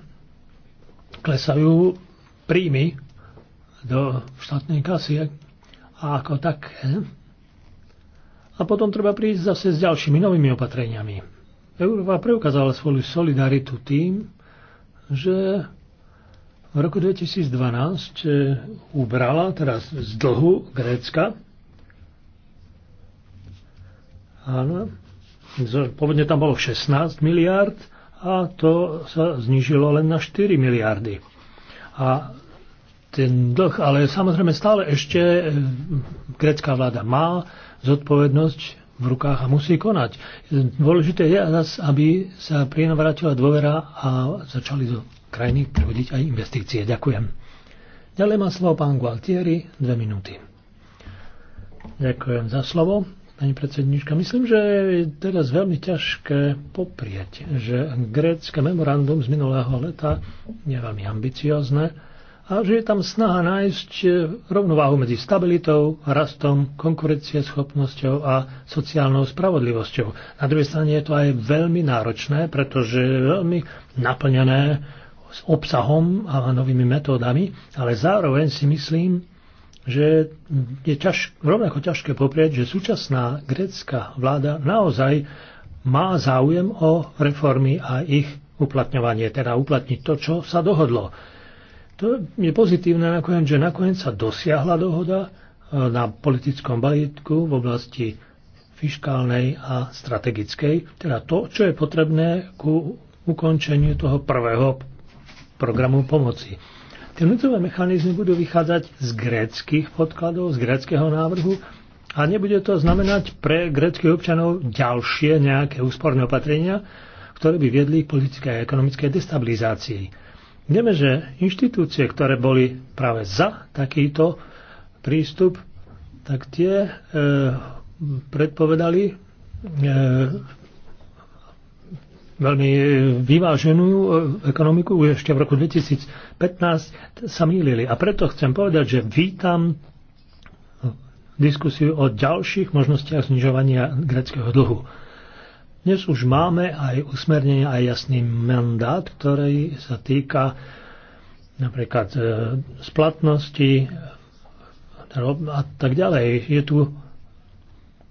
klesajú príjmy do štátnej kasy a ako také. A potom treba prísť zase s ďalšími novými opatreniami. Európa preukázala svoju solidaritu tým, že v roku 2012 eh, ubrala teraz z dlhu Grécka. Áno. Pôvodne tam bolo 16 miliard a to sa znížilo len na 4 miliardy. A ten dlh, ale samozrejme stále ešte eh, grecká vláda má zodpovednosť v rukách a musí konať. Dôležité je, aby sa prinavrátila dôvera a začali do krajiny prevodiť aj investície. Ďakujem. Ďalej má slovo pán Gualtieri, dve minúty. Ďakujem za slovo, pani predsednička. Myslím, že je teraz veľmi ťažké poprieť, že grécke memorandum z minulého leta je veľmi ambiciozne a že je tam snaha nájsť e, rovnováhu medzi stabilitou, rastom, konkurencieschopnosťou a sociálnou spravodlivosťou. Na druhej strane je to aj veľmi náročné, pretože je veľmi naplnené s obsahom a novými metódami, ale zároveň si myslím, že je ťaž, rovnako ťažké poprieť, že súčasná grécka vláda naozaj má záujem o reformy a ich uplatňovanie, teda uplatniť to, čo sa dohodlo. To je pozitívne nakoniec, že nakoniec sa dosiahla dohoda e, na politickom balíčku v oblasti fiskálnej a strategickej, teda to, čo je potrebné ku ukončeniu toho prvého programu pomoci. Tie nutové mechanizmy budú vychádzať z gréckých podkladov, z gréckého návrhu a nebude to znamenať pre gréckých občanov ďalšie nejaké úsporné opatrenia, ktoré by viedli k politickej a ekonomickej destabilizácii. Vieme, že inštitúcie, ktoré boli práve za takýto prístup, tak tie e, predpovedali e, veľmi vyváženú e, ekonomiku ešte v roku 2015 sa mýlili. A preto chcem povedať, že vítam diskusiu o ďalších možnostiach znižovania greckého dlhu. Dnes už máme aj usmernenie, aj jasný mandát, ktorý sa týka napríklad e, splatnosti a tak ďalej. Je tu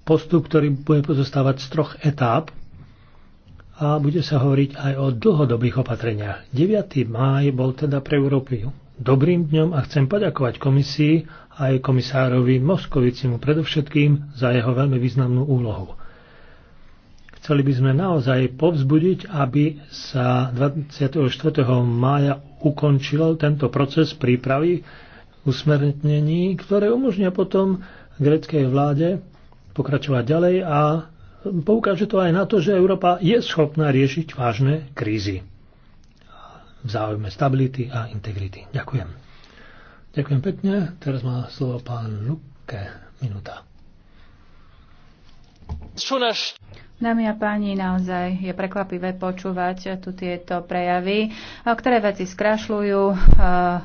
postup, ktorý bude pozostávať z troch etáp a bude sa hovoriť aj o dlhodobých opatreniach. 9. máj bol teda pre Európy dobrým dňom a chcem poďakovať komisii aj komisárovi Moskovicimu predovšetkým za jeho veľmi významnú úlohu. Chceli by sme naozaj povzbudiť, aby sa 24. mája ukončil tento proces prípravy usmernení, ktoré umožňuje potom greckej vláde pokračovať ďalej a poukáže to aj na to, že Európa je schopná riešiť vážne krízy v záujme stability a integrity. Ďakujem. Ďakujem pekne. Teraz má slovo pán Luke. Minúta. Dámy a páni, naozaj je prekvapivé počúvať tu tieto prejavy, ktoré veci skrašľujú e,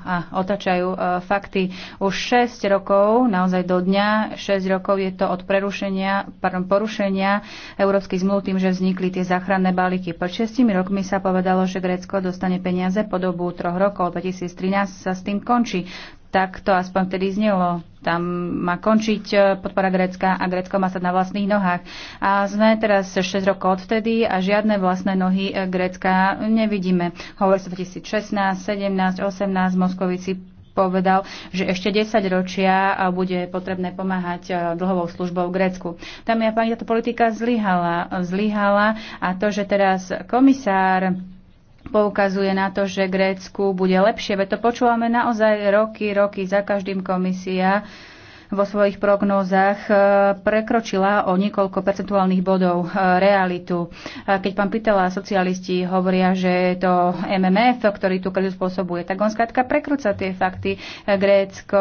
a otačajú e, fakty. Už 6 rokov, naozaj do dňa, 6 rokov je to od prerušenia, pardon, porušenia európskych zmluv tým, že vznikli tie záchranné balíky. Pod 6 rokmi sa povedalo, že Grécko dostane peniaze po dobu 3 rokov. 2013 sa s tým končí. Tak to aspoň vtedy znelo. Tam má končiť e, podpora Grécka a Grécko má sa na vlastných nohách. A sme teraz 6 rokov odvtedy a žiadne vlastné nohy e, Grécka nevidíme. Hovorí sa 2016, 17, 18, Moskovici povedal, že ešte 10 ročia e, bude potrebné pomáhať dlhovou službou v Grécku. Tam ja pani táto politika zlyhala, zlyhala a to, že teraz komisár poukazuje na to, že Grécku bude lepšie. Veď to počúvame naozaj roky, roky za každým komisia vo svojich prognózach e, prekročila o niekoľko percentuálnych bodov e, realitu. E, keď pán Pitela socialisti hovoria, že je to MMF, ktorý tú krizu spôsobuje, tak on skrátka prekrúca tie fakty. Grécko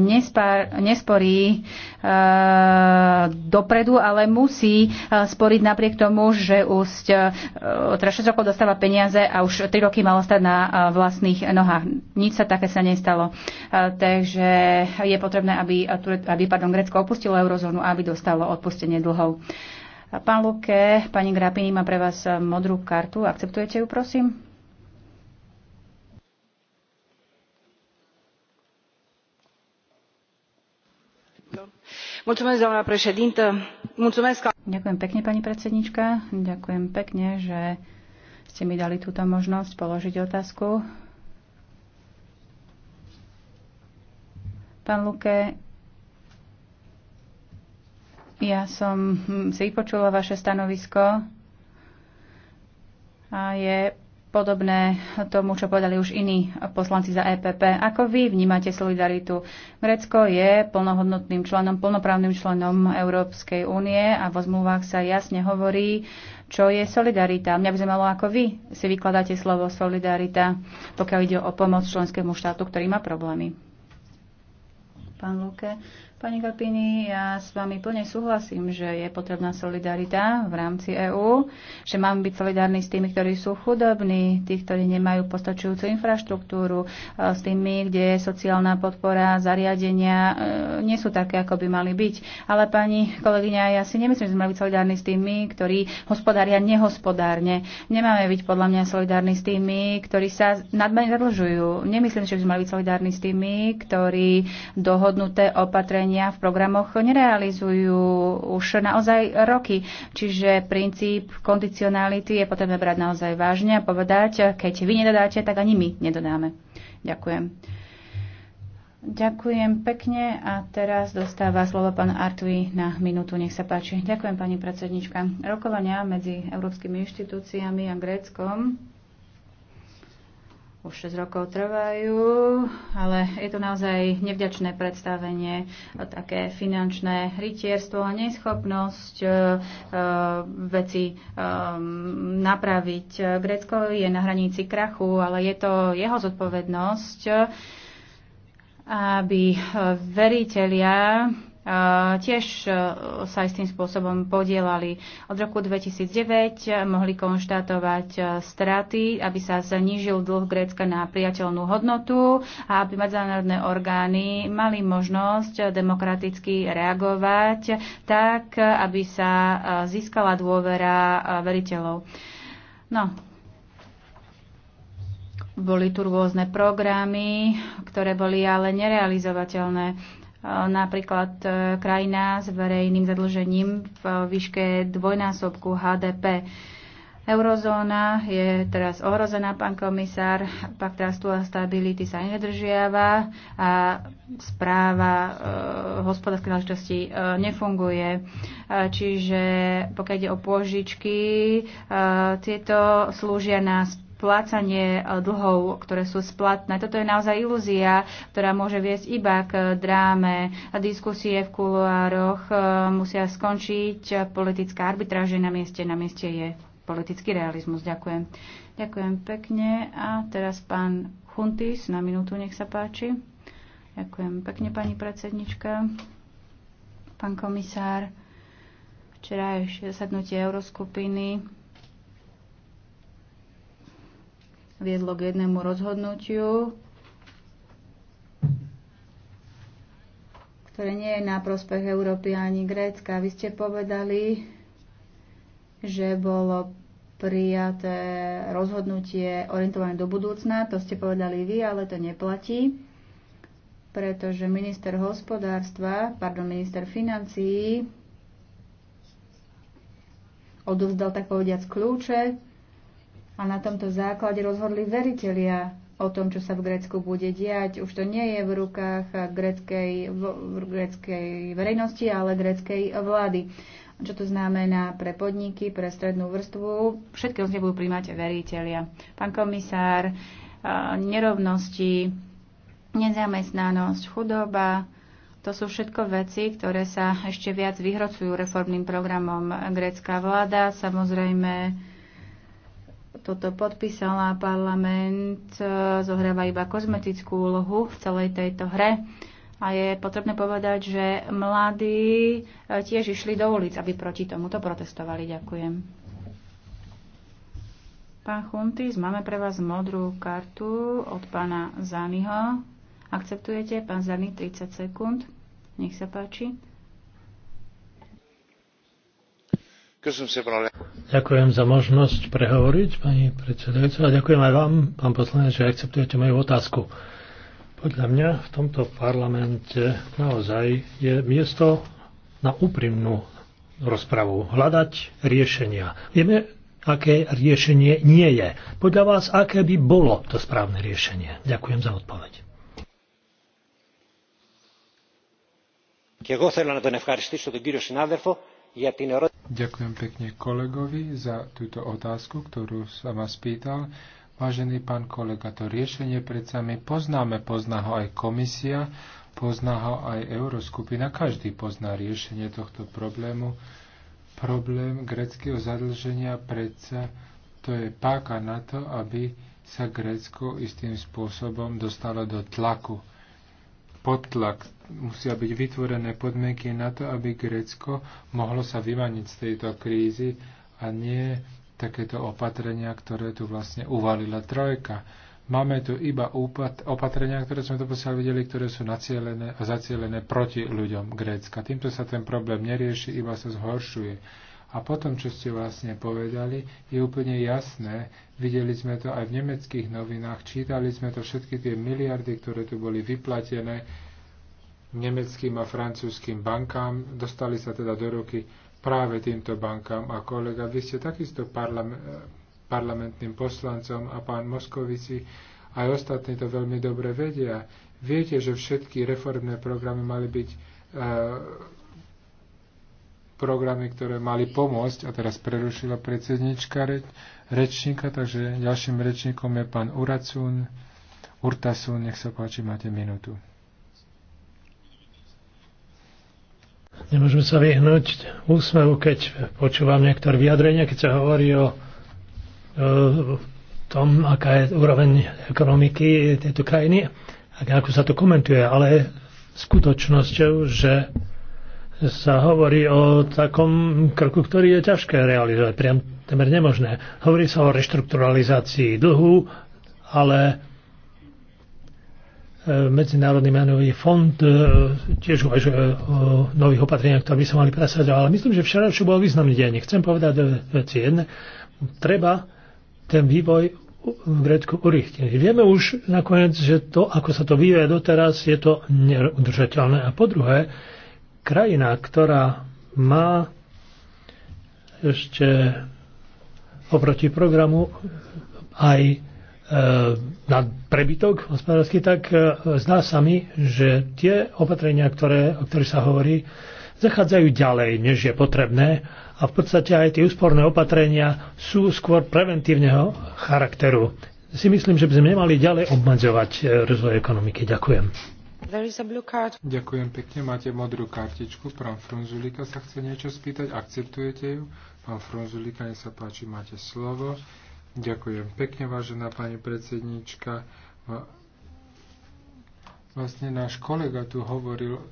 nespar, nesporí dopredu, ale musí sporiť napriek tomu, že už teda 6 rokov dostáva peniaze a už 3 roky malo stať na vlastných nohách. Nič sa také sa nestalo. Takže je potrebné, aby aby, aby pardon, Grecko opustilo eurozónu aby dostalo odpustenie dlhov. Pán Luke, pani Grapini má pre vás modrú kartu. Akceptujete ju, prosím? ďakujem pekne pani predsednička. ďakujem pekne že ste mi dali túto možnosť položiť otázku. Pán Luke, ja som hm, si vypočula vaše stanovisko a je podobné tomu, čo povedali už iní poslanci za EPP. Ako vy vnímate solidaritu? Grécko je plnohodnotným členom, plnoprávnym členom Európskej únie a vo zmluvách sa jasne hovorí, čo je solidarita. Mňa by zaujímalo, ako vy si vykladáte slovo solidarita, pokiaľ ide o pomoc členskému štátu, ktorý má problémy. Pán Luke, Pani Gapini, ja s vami plne súhlasím, že je potrebná solidarita v rámci EÚ, že máme byť solidárni s tými, ktorí sú chudobní, tí, ktorí nemajú postačujúcu infraštruktúru, e, s tými, kde sociálna podpora, zariadenia e, nie sú také, ako by mali byť. Ale pani kolegyňa, ja si nemyslím, že sme mali byť solidárni s tými, ktorí hospodária nehospodárne. Nemáme byť podľa mňa solidárni s tými, ktorí sa nadmerne zadlžujú. Nemyslím, že by sme mali byť solidárni s tými, ktorí dohodnuté opatrenia opatrenia v programoch nerealizujú už naozaj roky. Čiže princíp kondicionality je potrebné brať naozaj vážne a povedať, keď vy nedodáte, tak ani my nedodáme. Ďakujem. Ďakujem pekne a teraz dostáva slovo pán Artui na minútu. Nech sa páči. Ďakujem pani predsednička. Rokovania medzi európskymi inštitúciami a Gréckom už 6 rokov trvajú, ale je to naozaj nevďačné predstavenie, také finančné rytierstvo a neschopnosť e, e, veci e, napraviť. Grécko je na hranici krachu, ale je to jeho zodpovednosť, aby e, veriteľia tiež e, sa istým spôsobom podielali. Od roku 2009 mohli konštatovať e, straty, aby sa znížil dlh Grécka na priateľnú hodnotu a aby medzinárodné orgány mali možnosť e, demokraticky reagovať tak, aby sa získala dôvera veriteľov. No, boli tu rôzne programy, ktoré boli ale nerealizovateľné napríklad e, krajina s verejným zadlžením v výške dvojnásobku HDP. Eurozóna je teraz ohrozená, pán komisár, pak rastu a stability sa nedržiava a správa e, hospodárskej záležitosti e, nefunguje. E, čiže pokiaľ ide o pôžičky, e, tieto slúžia na plácanie eh, dlhov, ktoré sú splatné. Toto je naozaj ilúzia, ktorá môže viesť iba k dráme. Diskusie v kuloároch eh, musia skončiť. Eh, politická arbitráž na mieste. Na mieste je politický realizmus. Ďakujem. Ďakujem pekne. A teraz pán Chuntis na minútu, nech sa páči. Ďakujem pekne, pani predsednička. Pán komisár, včerajšie zasadnutie Euroskupiny viedlo k jednému rozhodnutiu, ktoré nie je na prospech Európy ani Grécka. Vy ste povedali, že bolo prijaté rozhodnutie orientované do budúcna. To ste povedali vy, ale to neplatí, pretože minister hospodárstva, pardon, minister financií odovzdal tak povediac kľúče a na tomto základe rozhodli veritelia o tom, čo sa v Grécku bude diať. Už to nie je v rukách gréckej, v, gréckej verejnosti, ale gréckej vlády. Čo to znamená pre podniky, pre strednú vrstvu? Všetky z budú príjmať veriteľia. Pán komisár, nerovnosti, nezamestnanosť, chudoba, to sú všetko veci, ktoré sa ešte viac vyhrocujú reformným programom. Grécka vláda samozrejme toto podpísala, parlament e, zohráva iba kozmetickú úlohu v celej tejto hre. A je potrebné povedať, že mladí e, tiež išli do ulic, aby proti tomuto protestovali. Ďakujem. Pán Chuntis, máme pre vás modrú kartu od pána Zaniho. Akceptujete, pán Zani, 30 sekúnd. Nech sa páči. Ďakujem za možnosť prehovoriť, pani predsedajúca. A ďakujem aj vám, pán poslanec, že akceptujete moju otázku. Podľa mňa v tomto parlamente naozaj je miesto na úprimnú rozpravu. Hľadať riešenia. Vieme, aké riešenie nie je. Podľa vás, aké by bolo to správne riešenie? Ďakujem za odpoveď. Και εγώ θέλω να τον ευχαριστήσω τον κύριο συνάδελφο Ďakujem pekne kolegovi za túto otázku, ktorú sa ma spýtal. Vážený pán kolega, to riešenie predsa my poznáme, pozná ho aj komisia, pozná ho aj Euroskupina, každý pozná riešenie tohto problému. Problém greckého zadlženia predsa to je páka na to, aby sa Grécko istým spôsobom dostalo do tlaku potlak, musia byť vytvorené podmienky na to, aby Grécko mohlo sa vymaniť z tejto krízy a nie takéto opatrenia, ktoré tu vlastne uvalila trojka. Máme tu iba úpad, opatrenia, ktoré sme doposiaľ videli, ktoré sú nacielené a zacielené proti ľuďom Grécka. Týmto sa ten problém nerieši, iba sa zhoršuje a potom, čo ste vlastne povedali, je úplne jasné, videli sme to aj v nemeckých novinách, čítali sme to všetky tie miliardy, ktoré tu boli vyplatené nemeckým a francúzským bankám, dostali sa teda do ruky práve týmto bankám. A kolega, vy ste takisto parlam- parlamentným poslancom a pán Moskovici aj ostatní to veľmi dobre vedia. Viete, že všetky reformné programy mali byť e, programy, ktoré mali pomôcť, a teraz prerušila predsednička reč, rečníka, takže ďalším rečníkom je pán Uracún. Urtasun, nech sa páči, máte minútu. Nemôžeme sa vyhnúť úsmevu, keď počúvam niektoré vyjadrenia, keď sa hovorí o, o tom, aká je úroveň ekonomiky tejto krajiny, ako sa to komentuje, ale skutočnosťou, že sa hovorí o takom kroku, ktorý je ťažké realizovať, priam temer nemožné. Hovorí sa o reštrukturalizácii dlhu, ale e, Medzinárodný menový fond e, tiež uvažuje o nových opatreniach, ktoré by sa mali presadzovať. Ale myslím, že včera čo bol významný deň. Chcem povedať dve veci. Jedne, treba ten vývoj v Grécku urychtiť. Vieme už nakoniec, že to, ako sa to vyvíja doteraz, je to neudržateľné. A po druhé, krajina, ktorá má ešte oproti programu aj e, na prebytok hospodársky, tak e, zdá sa mi, že tie opatrenia, ktoré, o ktorých sa hovorí, zachádzajú ďalej, než je potrebné a v podstate aj tie úsporné opatrenia sú skôr preventívneho charakteru. Si myslím, že by sme nemali ďalej obmedzovať e, rozvoj ekonomiky. Ďakujem. Ďakujem pekne, máte modrú kartičku. Pán Frunzulika sa chce niečo spýtať, akceptujete ju? Pán Frunzulika, nech sa páči, máte slovo. Ďakujem pekne, vážená pani predsednička. Vlastne náš kolega tu hovoril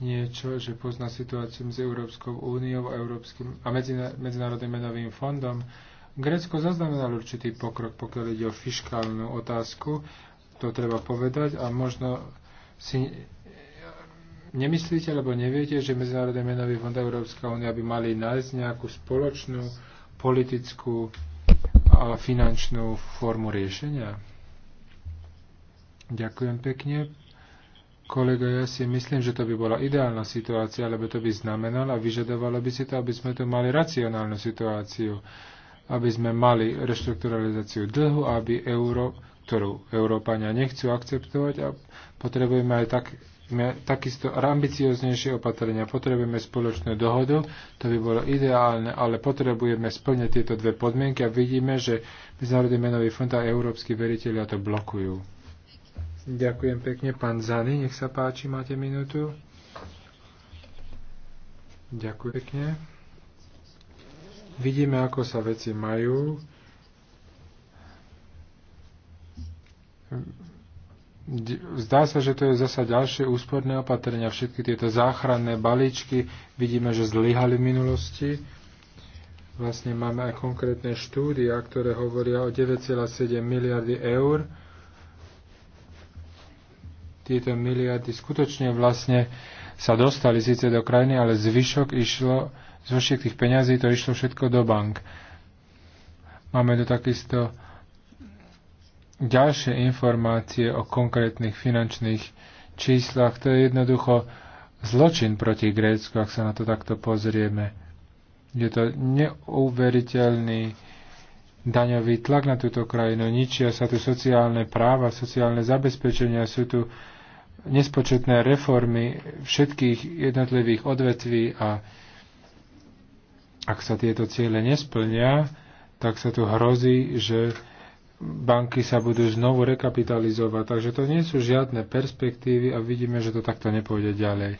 niečo, že pozná situáciu s Európskou úniou a, Európskym, a Medzinárodným menovým fondom. Grécko zaznamenal určitý pokrok, pokiaľ ide o fiskálnu otázku, to treba povedať, a možno si nemyslíte alebo neviete, že Medzinárodný menový fond Európska únia by mali nájsť nejakú spoločnú politickú a finančnú formu riešenia? Ďakujem pekne. Kolega, ja si myslím, že to by bola ideálna situácia, lebo to by znamenalo a vyžadovalo by si to, aby sme tu mali racionálnu situáciu, aby sme mali reštrukturalizáciu dlhu, aby euro ktorú Európania nechcú akceptovať a potrebujeme aj tak, takisto ambicioznejšie opatrenia. Potrebujeme spoločnú dohodu, to by bolo ideálne, ale potrebujeme splniť tieto dve podmienky a vidíme, že Medzinárodný menový fond a európsky veriteľia to blokujú. Ďakujem pekne, pán Zany, nech sa páči, máte minútu. Ďakujem pekne. Vidíme, ako sa veci majú Zdá sa, že to je zasa ďalšie úsporné opatrenia. Všetky tieto záchranné balíčky vidíme, že zlyhali v minulosti. Vlastne máme aj konkrétne štúdia, ktoré hovoria o 9,7 miliardy eur. Tieto miliardy skutočne vlastne sa dostali síce do krajiny, ale zvyšok išlo, zvyšok tých peňazí to išlo všetko do bank. Máme tu takisto ďalšie informácie o konkrétnych finančných číslach. To je jednoducho zločin proti Grécku, ak sa na to takto pozrieme. Je to neuveriteľný daňový tlak na túto krajinu. Ničia sa tu sociálne práva, sociálne zabezpečenia, sú tu nespočetné reformy všetkých jednotlivých odvetví a ak sa tieto ciele nesplnia, tak sa tu hrozí, že banky sa budú znovu rekapitalizovať. Takže to nie sú žiadne perspektívy a vidíme, že to takto nepôjde ďalej.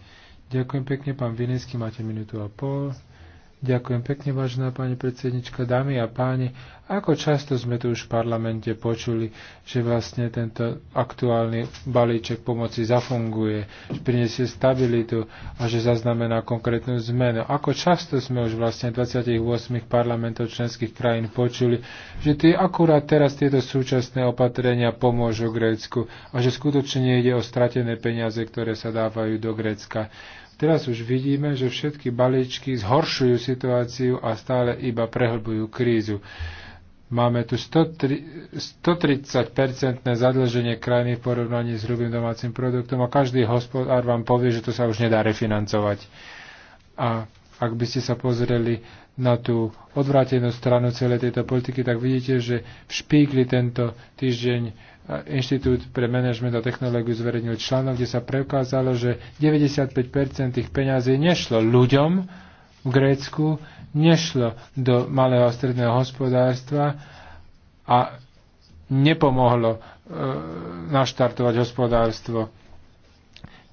Ďakujem pekne, pán Vinesky, máte minútu a pol. Ďakujem pekne, vážená pani predsednička, dámy a páni. Ako často sme tu už v parlamente počuli, že vlastne tento aktuálny balíček pomoci zafunguje, že prinesie stabilitu a že zaznamená konkrétnu zmenu. Ako často sme už vlastne 28 parlamentov členských krajín počuli, že tie akurát teraz tieto súčasné opatrenia pomôžu Grécku a že skutočne ide o stratené peniaze, ktoré sa dávajú do Grécka. Teraz už vidíme, že všetky balíčky zhoršujú situáciu a stále iba prehlbujú krízu. Máme tu 130% zadlženie krajiny v porovnaní s hrubým domácim produktom a každý hospodár vám povie, že to sa už nedá refinancovať. A ak by ste sa pozreli na tú odvrátenú stranu celej tejto politiky, tak vidíte, že v špíkli tento týždeň Inštitút pre manažment a technológiu zverejnil článok, kde sa preukázalo, že 95% tých peňazí nešlo ľuďom v Grécku, nešlo do malého a stredného hospodárstva a nepomohlo e, naštartovať hospodárstvo.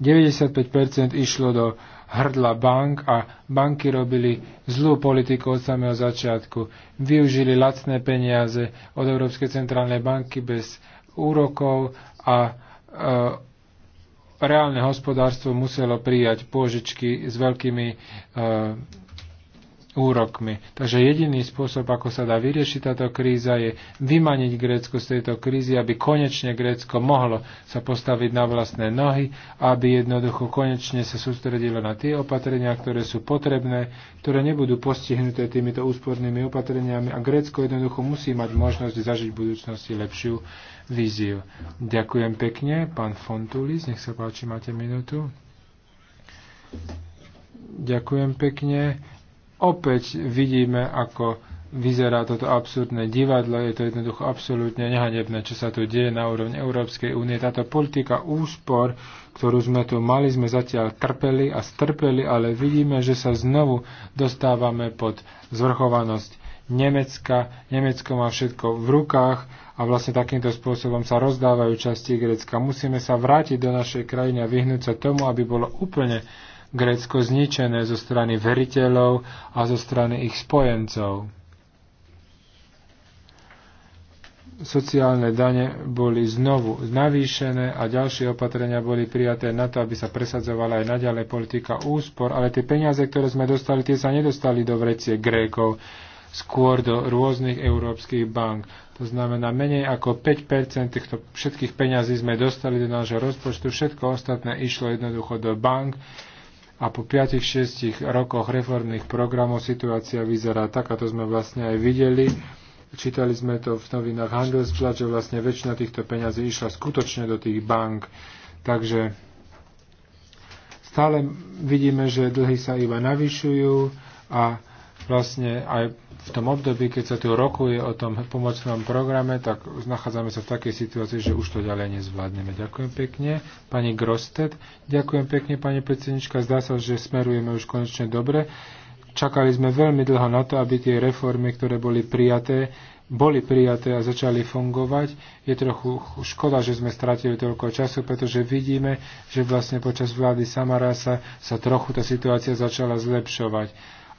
95% išlo do hrdla bank a banky robili zlú politiku od samého začiatku. Využili lacné peniaze od Európskej centrálnej banky bez úrokov a e, reálne hospodárstvo muselo prijať pôžičky s veľkými e, úrokmi. Takže jediný spôsob, ako sa dá vyriešiť táto kríza, je vymaniť Grécko z tejto krízy, aby konečne Grécko mohlo sa postaviť na vlastné nohy, aby jednoducho konečne sa sústredilo na tie opatrenia, ktoré sú potrebné, ktoré nebudú postihnuté týmito úspornými opatreniami a Grécko jednoducho musí mať možnosť zažiť v budúcnosti lepšiu víziu. Ďakujem pekne, pán Fontulis, nech sa páči, máte minútu. Ďakujem pekne opäť vidíme, ako vyzerá toto absurdné divadlo. Je to jednoducho absolútne nehanebné, čo sa tu deje na úrovni Európskej únie. Táto politika úspor, ktorú sme tu mali, sme zatiaľ trpeli a strpeli, ale vidíme, že sa znovu dostávame pod zvrchovanosť Nemecka. Nemecko má všetko v rukách a vlastne takýmto spôsobom sa rozdávajú časti Grécka. Musíme sa vrátiť do našej krajiny a vyhnúť sa tomu, aby bolo úplne Grécko zničené zo strany veriteľov a zo strany ich spojencov. Sociálne dane boli znovu navýšené a ďalšie opatrenia boli prijaté na to, aby sa presadzovala aj naďalej politika úspor, ale tie peniaze, ktoré sme dostali, tie sa nedostali do vrecie Grékov skôr do rôznych európskych bank. To znamená, menej ako 5% týchto všetkých peňazí sme dostali do nášho rozpočtu, všetko ostatné išlo jednoducho do bank a po 5-6 rokoch reformných programov situácia vyzerá tak, a to sme vlastne aj videli. Čítali sme to v novinách Handelsblatt, že vlastne väčšina týchto peňazí išla skutočne do tých bank. Takže stále vidíme, že dlhy sa iba navyšujú a vlastne aj v tom období, keď sa tu rokuje o tom pomocnom programe, tak nachádzame sa v takej situácii, že už to ďalej nezvládneme. Ďakujem pekne. Pani Grosted, ďakujem pekne, pani predsednička. Zdá sa, že smerujeme už konečne dobre. Čakali sme veľmi dlho na to, aby tie reformy, ktoré boli prijaté, boli prijaté a začali fungovať. Je trochu škoda, že sme stratili toľko času, pretože vidíme, že vlastne počas vlády Samarasa sa trochu tá situácia začala zlepšovať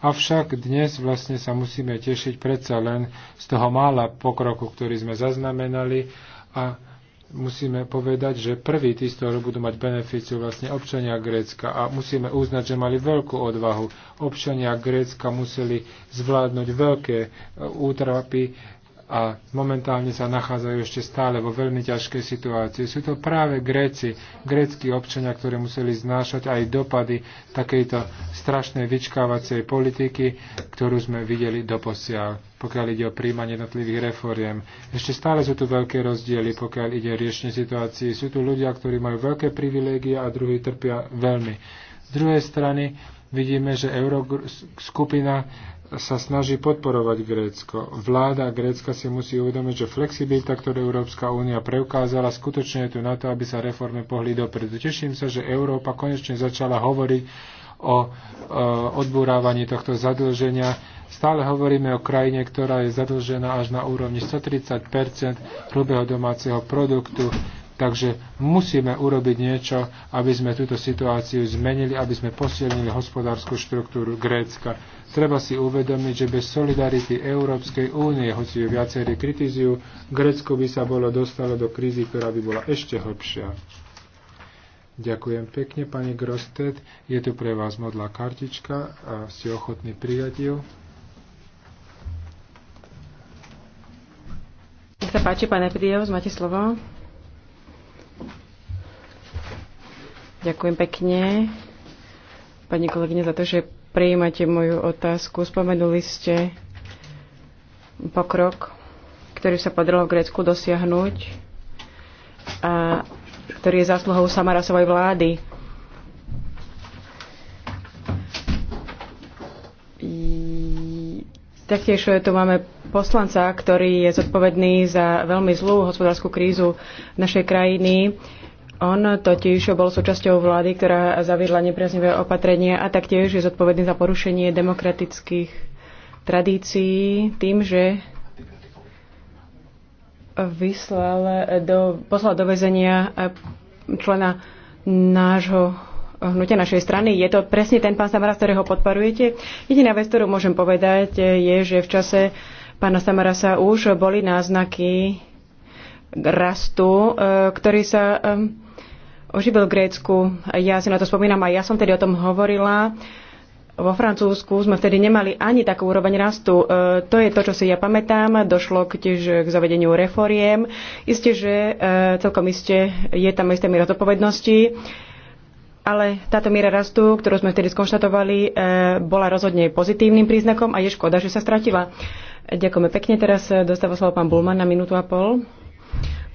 Avšak dnes vlastne sa musíme tešiť predsa len z toho mála pokroku, ktorý sme zaznamenali a musíme povedať, že prvý tí, z toho budú mať beneficiu vlastne občania Grécka a musíme uznať, že mali veľkú odvahu. Občania Grécka museli zvládnuť veľké eh, útrapy a momentálne sa nachádzajú ešte stále vo veľmi ťažkej situácii. Sú to práve Gréci, gréckí občania, ktorí museli znášať aj dopady takejto strašnej vyčkávacej politiky, ktorú sme videli doposiaľ, pokiaľ ide o príjmanie jednotlivých reforiem. Ešte stále sú tu veľké rozdiely, pokiaľ ide o riešenie situácií. Sú tu ľudia, ktorí majú veľké privilégie a druhí trpia veľmi. Z druhej strany vidíme, že euroskupina sa snaží podporovať Grécko. Vláda Grécka si musí uvedomiť, že flexibilita, ktorú Európska únia preukázala, skutočne je tu na to, aby sa reformy pohli dopredu. Teším sa, že Európa konečne začala hovoriť o e, odburávaní tohto zadlženia. Stále hovoríme o krajine, ktorá je zadlžená až na úrovni 130 hrubého domáceho produktu. Takže musíme urobiť niečo, aby sme túto situáciu zmenili, aby sme posilnili hospodárskú štruktúru Grécka. Treba si uvedomiť, že bez solidarity Európskej únie, hoci ju viacerí kritizujú, Grécko by sa bolo dostalo do krízy, ktorá by bola ešte hlbšia. Ďakujem pekne, pani Grosted. Je tu pre vás modlá kartička a ste ochotní prijať ju. Nech sa páči, pane Priev, máte slovo. Ďakujem pekne, pani kolegyne, za to, že prijímate moju otázku. Spomenuli ste pokrok, ktorý sa podarilo v Grécku dosiahnuť a ktorý je zásluhou Samarasovej vlády. Taktiež tu máme poslanca, ktorý je zodpovedný za veľmi zlú hospodárskú krízu našej krajiny. On totiž bol súčasťou vlády, ktorá zaviedla nepriaznivé opatrenia a taktiež je zodpovedný za porušenie demokratických tradícií tým, že vyslal do, poslal do väzenia člena nášho hnutia našej strany. Je to presne ten pán Samaras, ktorého podporujete? Jediná vec, ktorú môžem povedať, je, že v čase pána Samarasa už boli náznaky rastu, eh, ktorý sa eh, oživil v Grécku. Ja si na to spomínam a ja som tedy o tom hovorila. Vo Francúzsku sme vtedy nemali ani takú úroveň rastu. E, to je to, čo si ja pamätám. Došlo k tiež k zavedeniu reforiem. Isté, že e, celkom iste je tam istá miera zodpovednosti, ale táto miera rastu, ktorú sme vtedy skonštatovali, e, bola rozhodne pozitívnym príznakom a je škoda, že sa stratila. Ďakujeme pekne. Teraz e, dostáva slovo pán Bulman na minútu a pol.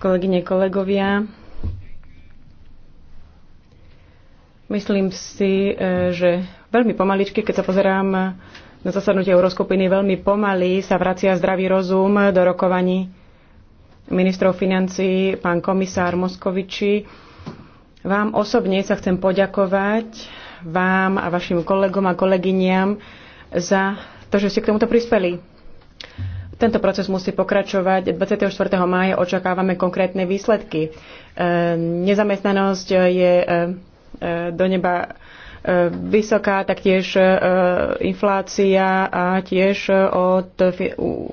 Kolegyne, kolegovia, Myslím si, e, že veľmi pomaličky, keď sa pozerám na zasadnutie Euroskupiny, veľmi pomaly sa vracia zdravý rozum do rokovaní ministrov financí, pán komisár Moskoviči. Vám osobne sa chcem poďakovať, vám a vašim kolegom a kolegyniam, za to, že ste k tomuto prispeli. Tento proces musí pokračovať. 24. mája očakávame konkrétne výsledky. E, nezamestnanosť je e, E, do neba e, vysoká, taktiež e, inflácia a tiež od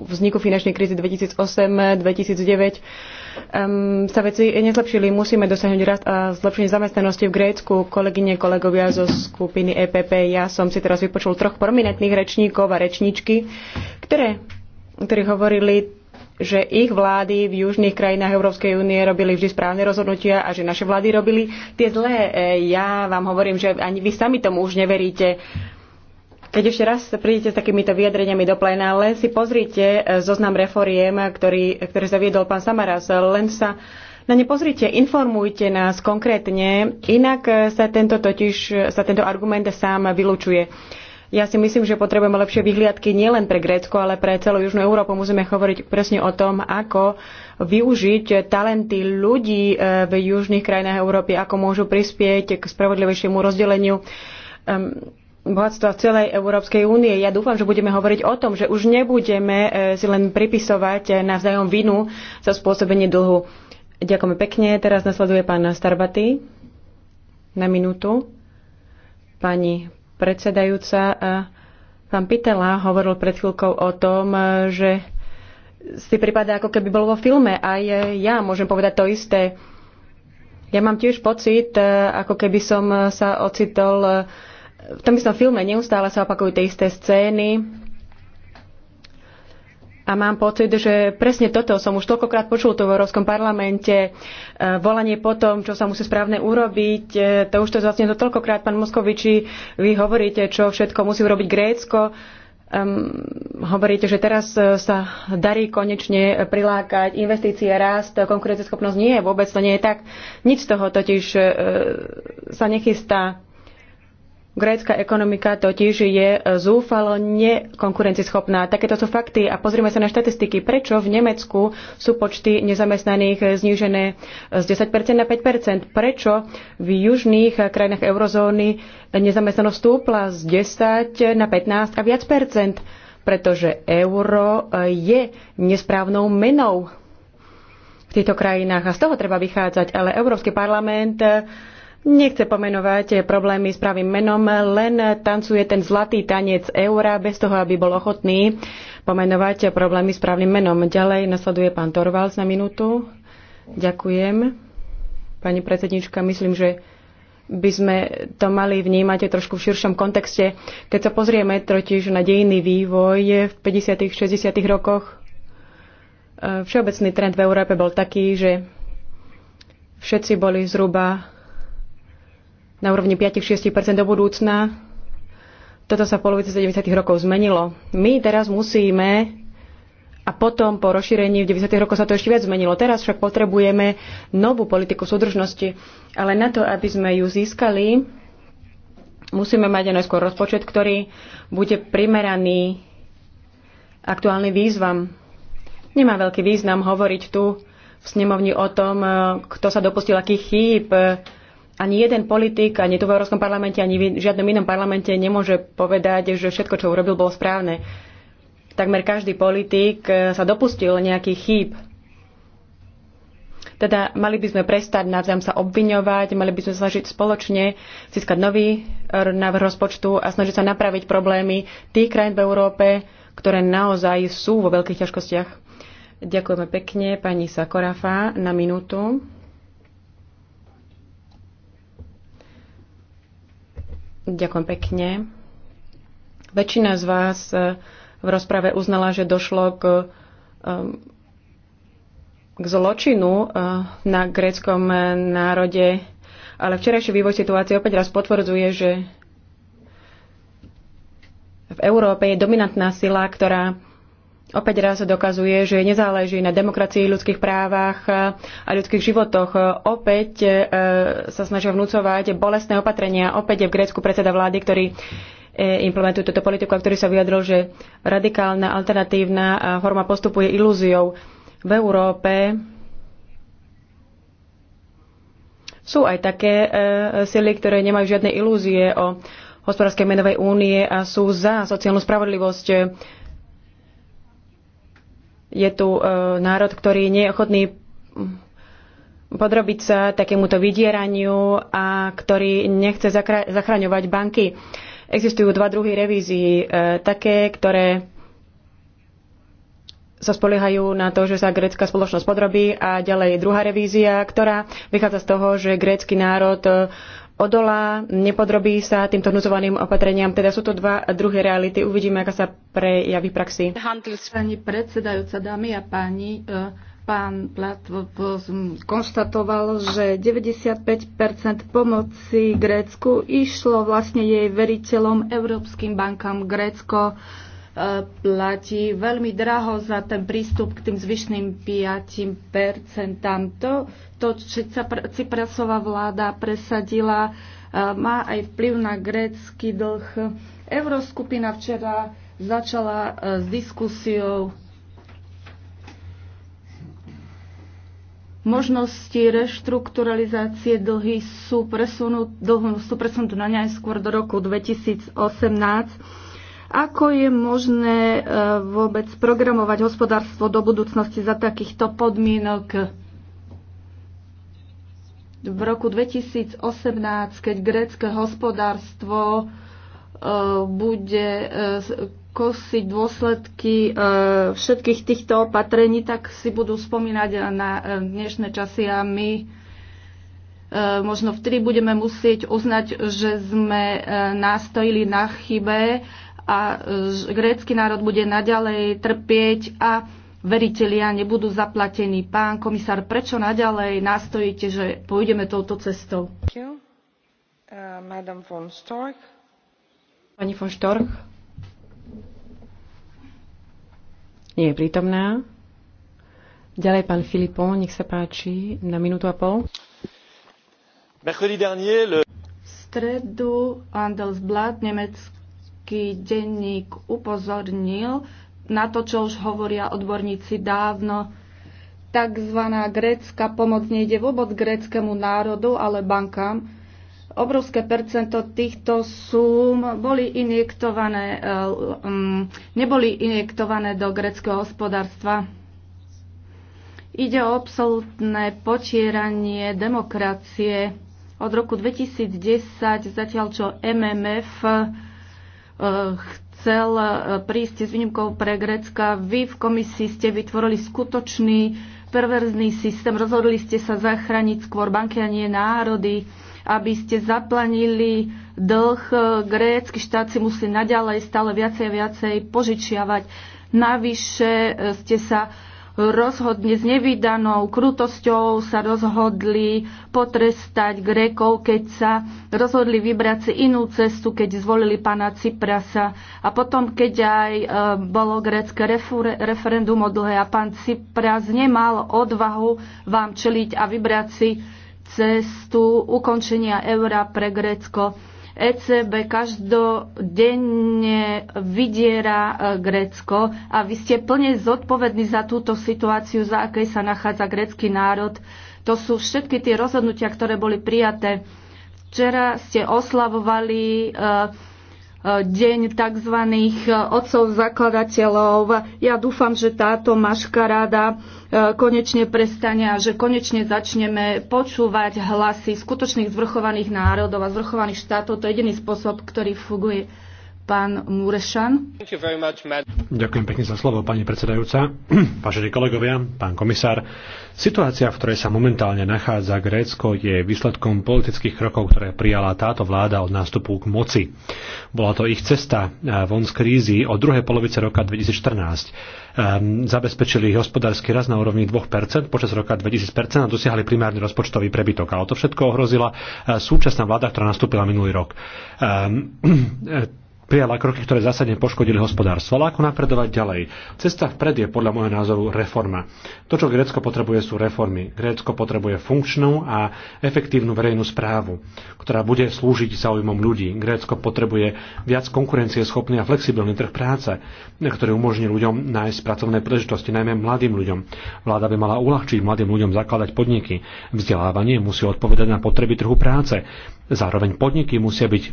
vzniku finančnej krízy 2008-2009 sa veci nezlepšili. Musíme dosiahnuť rast a zlepšenie zamestnanosti v Grécku. Kolegyne, kolegovia zo skupiny EPP, ja som si teraz vypočul troch prominentných rečníkov a rečníčky, ktoré ktorí hovorili že ich vlády v južných krajinách Európskej únie robili vždy správne rozhodnutia a že naše vlády robili tie zlé. E, ja vám hovorím, že ani vy sami tomu už neveríte. Keď ešte raz prídete s takýmito vyjadreniami do plena, len si pozrite e, zoznam reforiem, ktorý, ktorý zaviedol pán Samaras. Len sa na ne pozrite, informujte nás konkrétne, inak sa tento, totiž, sa tento argument sám vylučuje. Ja si myslím, že potrebujeme lepšie vyhliadky nielen pre Grécko, ale pre celú Južnú Európu. Musíme hovoriť presne o tom, ako využiť talenty ľudí eh, v južných krajinách Európy, ako môžu prispieť k spravodlivejšiemu rozdeleniu ehm, bohatstva celej Európskej únie. Ja dúfam, že budeme hovoriť o tom, že už nebudeme eh, si len pripisovať eh, navzájom vinu za spôsobenie dlhu. Ďakujeme pekne. Teraz nasleduje pán Starbaty na minútu. Pani predsedajúca. Pán Pitela hovoril pred chvíľkou o tom, e, že si prípada ako keby bol vo filme. Aj e, ja môžem povedať to isté. Ja mám tiež pocit, e, ako keby som sa ocitol v tom istom filme. Neustále sa opakujú tie isté scény a mám pocit, že presne toto som už toľkokrát počul tu v Európskom parlamente, e, volanie po tom, čo sa musí správne urobiť, e, to už to vlastne to toľkokrát, pán Moskoviči, vy hovoríte, čo všetko musí urobiť Grécko, Um, hovoríte, že teraz e, sa darí konečne prilákať investície, rast, konkurencieschopnosť. Nie, vôbec to nie je tak. Nič z toho totiž uh, sa nechystá. Grécka ekonomika totiž je e, zúfalo nekonkurencieschopná. Takéto sú fakty a pozrime sa na štatistiky. Prečo v Nemecku sú počty nezamestnaných znížené e, z 10% na 5%? Prečo v južných e, krajinách eurozóny nezamestnanosť stúpla z 10 na 15 a viac percent? Pretože euro je nesprávnou menou v týchto krajinách a z toho treba vychádzať. Ale Európsky parlament nechce pomenovať problémy s pravým menom, len tancuje ten zlatý tanec eura bez toho, aby bol ochotný pomenovať problémy s pravým menom. Ďalej nasleduje pán Torvalds na minútu. Ďakujem. Pani predsednička, myslím, že by sme to mali vnímať trošku v širšom kontexte. Keď sa pozrieme totiž na dejinný vývoj v 50. 60. rokoch, eh, všeobecný trend v Európe bol taký, že všetci boli zhruba na úrovni 5-6 do budúcna. Toto sa v polovici 70. rokov zmenilo. My teraz musíme a potom po rozšírení v 90. rokoch sa to ešte viac zmenilo. Teraz však potrebujeme novú politiku súdržnosti, ale na to, aby sme ju získali, musíme mať aj skôr rozpočet, ktorý bude primeraný aktuálnym výzvam. Nemá veľký význam hovoriť tu v snemovni o tom, kto sa dopustil akých chýb, ani jeden politik, ani tu v Európskom parlamente, ani v žiadnom inom parlamente nemôže povedať, že všetko, čo urobil, bolo správne. Takmer každý politik e, sa dopustil nejakých chýb. Teda mali by sme prestať navzájom sa obviňovať, mali by sme snažiť spoločne získať nový návrh rozpočtu a snažiť sa napraviť problémy tých krajín v Európe, ktoré naozaj sú vo veľkých ťažkostiach. Ďakujeme pekne pani Sakorafa na minútu. Ďakujem pekne. Väčšina z vás eh, v rozprave uznala, že došlo k, eh, k zločinu eh, na gréckom národe, ale včerajší vývoj situácie opäť raz potvrdzuje, že v Európe je dominantná sila, ktorá opäť raz dokazuje, že nezáleží na demokracii, ľudských právach a ľudských životoch. Opäť e, sa snažia vnúcovať bolestné opatrenia. Opäť je v Grécku predseda vlády, ktorý e, implementujú túto politiku a ktorý sa vyjadril, že radikálna alternatívna e, forma postupu je ilúziou. V Európe sú aj také sily, ktoré nemajú žiadne ilúzie o hospodárskej menovej únie a sú za sociálnu spravodlivosť. Je tu e, národ, ktorý nie je ochotný mm, podrobiť sa takémuto vydieraniu a ktorý nechce zachraňovať banky. Existujú dva druhy revízií, e, také, ktoré sa spoliehajú na to, že sa grécka spoločnosť podrobí a ďalej druhá revízia, ktorá vychádza z toho, že grécky národ e, odolá, nepodrobí sa týmto hnuzovaným opatreniam. Teda sú to dva druhé reality. Uvidíme, aká sa prejaví v praxi. Pani predsedajúca, dámy a páni, e, pán Plat konštatoval, že 95 pomoci Grécku išlo vlastne jej veriteľom, európskym bankám Grécko e, platí veľmi draho za ten prístup k tým zvyšným 5%. To to, čo Ciprasová vláda presadila, e, má aj vplyv na grécky dlh. Euroskupina včera začala e, s diskusiou Možnosti reštrukturalizácie dlhy sú, presunuté, dlhu, sú presunuté na najskôr do roku 2018. Ako je možné e, vôbec programovať hospodárstvo do budúcnosti za takýchto podmienok? v roku 2018, keď grécke hospodárstvo e, bude e, kosiť dôsledky e, všetkých týchto opatrení, tak si budú spomínať na dnešné časy a my možno vtedy budeme musieť uznať, že sme nastojili na chybe a grécky národ bude naďalej trpieť a veritelia nebudú zaplatení. Pán komisár, prečo naďalej nastojíte, že pôjdeme touto cestou? Uh, Pani von Storch nie je prítomná. Ďalej pán Filipo, nech sa páči, na minútu a pol. V stredu Andelsblad, nemecký denník, upozornil, na to, čo už hovoria odborníci dávno. Takzvaná grécka pomoc nejde vôbec gréckému národu, ale bankám. Obrovské percento týchto súm boli injektované, eh, mm, neboli injektované do gréckého hospodárstva. Ide o absolútne potieranie demokracie. Od roku 2010, zatiaľ čo MMF eh, chcel e, prísť s výnimkou pre Grécka. Vy v komisii ste vytvorili skutočný perverzný systém. Rozhodli ste sa zachrániť skôr banky a nie národy, aby ste zaplanili dlh. E, grécky štát si musí naďalej stále viacej a viacej požičiavať. Navyše e, ste sa rozhodne s nevydanou krutosťou sa rozhodli potrestať Grékov, keď sa rozhodli vybrať si inú cestu, keď zvolili pána Ciprasa. A potom, keď aj e, bolo grécke referendum o dlhé a pán Cipras nemal odvahu vám čeliť a vybrať si cestu ukončenia eura pre Grécko ECB každodenne vydiera e, Grécko a vy ste plne zodpovední za túto situáciu, za akej sa nachádza grécky národ. To sú všetky tie rozhodnutia, ktoré boli prijaté. Včera ste oslavovali uh, deň tzv. E, otcov zakladateľov. Ja dúfam, že táto maškaráda e, konečne prestane a že konečne začneme počúvať hlasy skutočných zvrchovaných národov a zvrchovaných štátov. To je jediný spôsob, ktorý funguje. Pán Murešan. Ďakujem pekne za slovo, pani predsedajúca. Vážení kolegovia, pán komisár, situácia, v ktorej sa momentálne nachádza Grécko, je výsledkom politických krokov, ktoré prijala táto vláda od nástupu k moci. Bola to ich cesta eh, von z krízy od druhej polovice roka 2014. Ehm, zabezpečili hospodársky rast na úrovni 2% počas roka 2000% a dosiahli primárny rozpočtový prebytok. Ale to všetko ohrozila eh, súčasná vláda, ktorá nastúpila minulý rok ehm, eh, prijala kroky, ktoré zásadne poškodili hospodárstvo. Ale ako napredovať ďalej? Cesta vpred je podľa môjho názoru reforma. To, čo Grécko potrebuje, sú reformy. Grécko potrebuje funkčnú a efektívnu verejnú správu, ktorá bude slúžiť záujmom ľudí. Grécko potrebuje viac konkurencieschopný a flexibilný trh práce, ktorý umožní ľuďom nájsť pracovné príležitosti, najmä mladým ľuďom. Vláda by mala uľahčiť mladým ľuďom zakladať podniky. Vzdelávanie musí odpovedať na potreby trhu práce. Zároveň podniky musia byť eh,